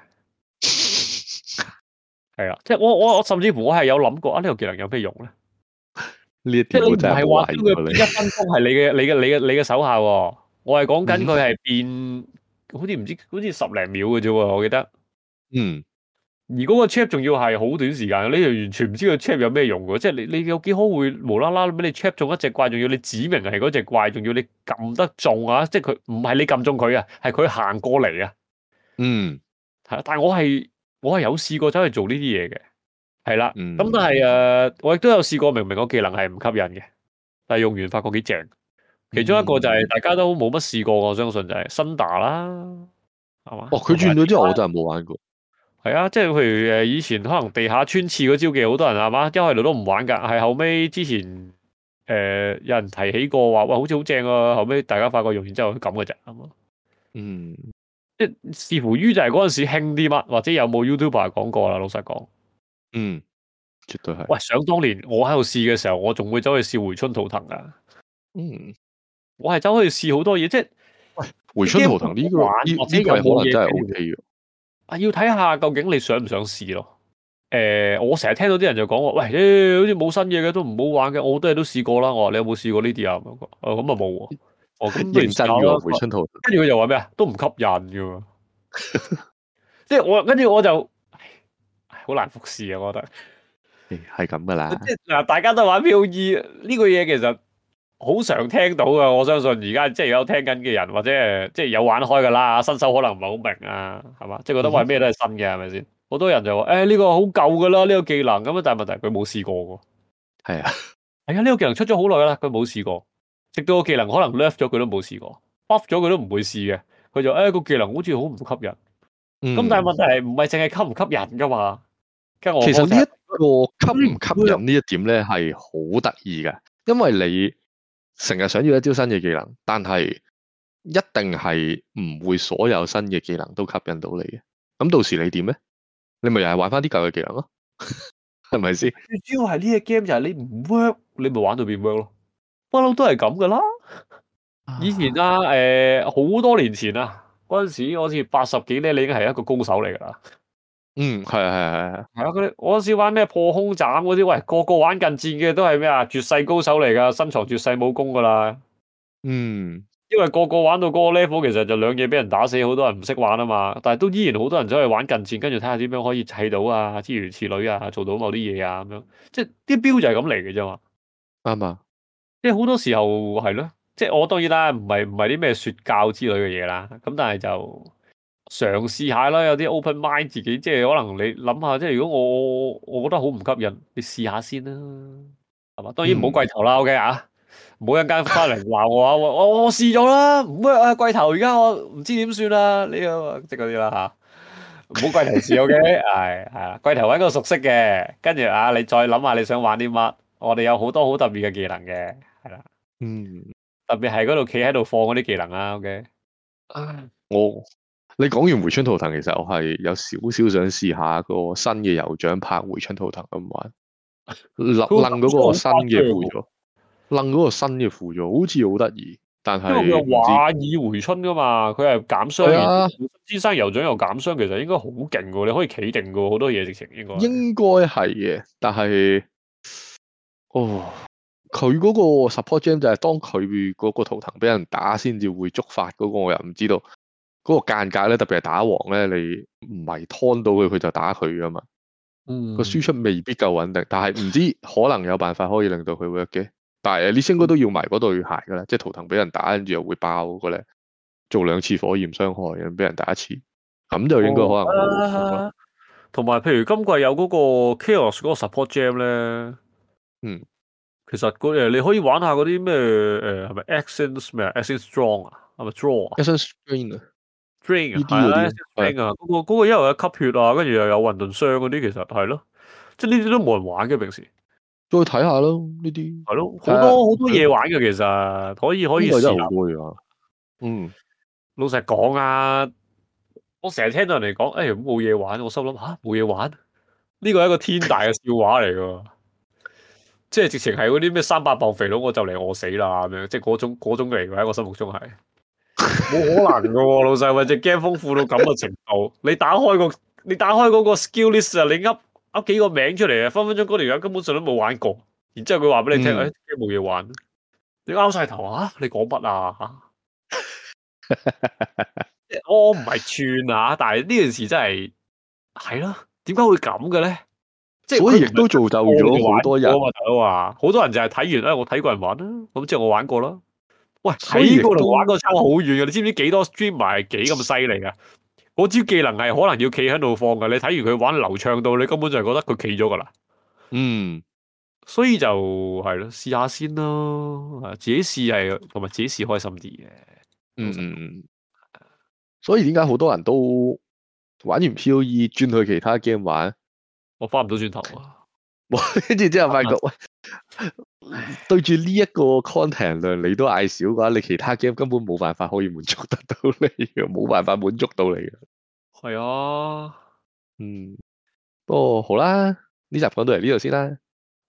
係啦、啊，即係我我我甚至乎我係有諗過啊呢、這個技能有咩用咧？你一即係唔係話將佢變一分鐘係你嘅你嘅你嘅你嘅手下喎、啊？我係講緊佢係變、嗯、好似唔知好似十零秒嘅啫、啊，我記得。嗯，而嗰個 trap 仲要係好短時間，你就完全唔知個 trap 有咩用嘅。即係你你有幾好會無啦啦俾你 trap 中一隻怪，仲要你指明係嗰隻怪，仲要你撳得中啊？即係佢唔係你撳中佢啊，係佢行過嚟啊？嗯，係啦、啊，但係我係。我係有試過走去做呢啲嘢嘅，係啦。咁、嗯、但係誒、呃，我亦都有試過，明明，我技能係唔吸引嘅，但係用完發覺幾正。其中一個就係、是嗯、大家都冇乜試過，我相信就係、是、新達啦，係嘛？哦，佢轉咗之後，我真係冇玩過。係啊，即、就、係、是、譬如誒，以前可能地下穿刺嗰招嘅，好多人係嘛，一路都唔玩㗎。係後尾之前誒、呃，有人提起過話，喂、呃，好似好正啊！後尾大家發覺用完之後咁嘅啫，係嘛？嗯。即係視乎於就係嗰陣時興啲乜，或者有冇 YouTuber 講過啦？老實講，嗯，絕對係。喂，想當年我喺度試嘅時候，我仲會走去試回春圖騰噶。嗯，我係走去試好多嘢，即係喂回春圖騰呢、呢個呢、呢個、呢個、有有可能真係 O K 嘅。啊，要睇下究竟你想唔想試咯？誒、呃，我成日聽到啲人就講喂，哎、好似冇新嘢嘅，都唔好玩嘅。我都係都試過啦。我話你有冇試過這些呢啲啊？咁啊冇啊。呃我、哦、認真嘅，回春套。跟住佢就話咩啊？都唔吸引嘅，即係我跟住我就，好難服侍啊！我覺得，係咁噶啦。即係嗱，大家都玩 POE 呢個嘢其實好常聽到噶。我相信而家即係有聽緊嘅人，或者即係有玩開噶啦。新手可能唔係好明啊，係嘛？即係覺得喂咩都係新嘅，係咪先？好多人就話誒呢個好舊噶啦，呢、這個技能咁樣，但係問題佢冇試過喎。係啊，係、哎、啊、呢、這個技能出咗好耐啦，佢冇試過。直到個技能可能 left 咗佢都冇試過 buff 咗佢都唔會試嘅。佢就誒個、哎、技能好似好唔吸引，咁、嗯、但係問題係唔係淨係吸唔吸引嘅嘛。其實呢一個吸唔吸引呢一點咧係好得意嘅，因為你成日想要一招新嘅技能，但係一定係唔會所有新嘅技能都吸引到你嘅。咁到時你點咧？你咪又係玩翻啲舊嘅技能咯，係咪先？主要係呢個 game 就係你唔 work，你咪玩到變 work 咯。不嬲都係咁噶啦！以前啦，誒、啊，好、呃、多年前啊，嗰陣時好似八十幾咧，你已經係一個高手嚟噶啦。嗯，係啊，係啊，係啊，係啊！嗰啲我嗰時玩咩破空斬嗰啲，喂，個個玩近戰嘅都係咩啊？絕世高手嚟噶，身藏絕世武功噶啦。嗯，因為個個玩到嗰個 level，其實就兩嘢俾人打死，好多人唔識玩啊嘛。但係都依然好多人走去玩近戰，跟住睇下點樣可以砌到啊，諸如此類似啊，做到某啲嘢啊，咁樣。即係啲標就係咁嚟嘅啫嘛，啱啊。即係好多時候係咯，即係我當然啦，唔係唔係啲咩說教之類嘅嘢啦，咁但係就嘗試下啦，有啲 open mind 自己，即係可能你諗下，即係如果我我覺得好唔吸引，你試下先啦，係嘛？當然唔好櫃頭鬧 k、okay? (laughs) 啊，唔好一間翻嚟鬧我啊，我我試咗啦，唔、就、會、是、啊櫃、okay? (laughs) 頭，而家我唔知點算啊呢個即嗰啲啦吓，唔好跪頭試 okay?，係係啊櫃頭揾個熟悉嘅，跟住啊你再諗下你想玩啲乜，我哋有好多好特別嘅技能嘅。係啦，嗯，特別係嗰度企喺度放嗰啲技能啊，OK、哦。啊，我你講完回春圖騰，其實我係有少少想試下個新嘅酋長拍回春圖騰咁玩，掕掕嗰個新嘅輔助，掕嗰、哦、個新嘅輔助，好似好得意，但係因為佢係華爾回春噶嘛，佢係減傷，先、啊、生酋長又減傷，其實應該好勁，你可以企定過，好多嘢直情應該應該係嘅，但係哦。佢嗰個 support gem 就係當佢嗰個圖騰俾人打先至會觸發嗰個，我又唔知道嗰個間隔咧，特別係打王咧，你唔係攤到佢，佢就打佢噶嘛。嗯，個輸出未必夠穩定，但係唔知可能有辦法可以令到佢 work 嘅。但係你啲應該都要埋嗰對鞋㗎啦、嗯，即係圖騰俾人打跟住又會爆嗰、那、咧、個，做兩次火焰傷害，然後俾人打一次，咁就應該可能冇啦、哦。同、啊、埋、啊啊、譬如今季有嗰個 chaos 嗰個 support gem 咧，嗯。其實誒，你可以玩下嗰啲咩誒，係咪 Essence 咩啊 Essence Strong 啊，係咪、yeah. Draw？Essence Drain 啊、那、Drain、個、Drain 啊，嗰個嗰個有吸血啊，跟住又有混沌傷嗰啲，其實係咯，即係呢啲都冇人玩嘅，平時，再睇下咯呢啲，係咯，好多好多嘢玩嘅其實，可以可以試啦、啊。嗯，老實講啊，我成日聽到人哋講，誒、欸，冇嘢玩，我心諗吓冇嘢玩，呢個係一個天大嘅笑話嚟噶。 (laughs) 即係直情係嗰啲咩三百磅肥佬我就嚟餓死啦咁樣，即係嗰種嗰種嚟嘅喺我心目中係冇可能嘅喎， (laughs) 老細，我隻 game 豐富到咁嘅程度。你打開個你打開嗰個 skill list 啊，你噏噏幾個名出嚟啊，分分鐘嗰條友根本上都冇玩過。然之後佢話俾你聽，驚冇嘢玩，你拗晒頭啊？你講乜啊？ (laughs) 我唔係串啊，但係呢件事真係係咯，點解、啊、會咁嘅咧？即係，所以亦都做就咗好多人啊嘛。大佬話，好多人就係睇完啦，哎，我睇過人玩啦，咁即係我玩過啦。喂，睇過人玩過差好遠嘅，你知唔知幾多 streamer 係幾咁犀利噶？我知技能係可能要企喺度放嘅，你睇完佢玩流暢到，你根本就係覺得佢企咗噶啦。嗯，所以就係咯，試下先咯，自己試係同埋自己試開心啲嘅。嗯嗯，所以點解好多人都玩完 POE 轉去其他 game 玩？我翻唔到轉頭了 (laughs) 啊！跟住之後發覺，對住呢一個 content 量，你都嗌少嘅話，你其他 game 根本冇辦法可以滿足得到你嘅，冇辦法滿足到你嘅。係啊，嗯，不過好啦，呢集講到嚟呢度先啦。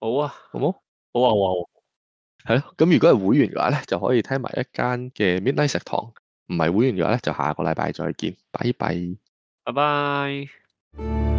好啊，好冇？好？好啊，好啊。係咯、啊，咁、啊、如果係會員嘅話咧，就可以聽埋一間嘅 Midnight 食堂。唔係會員嘅話咧，就下個禮拜再見。拜拜，拜拜。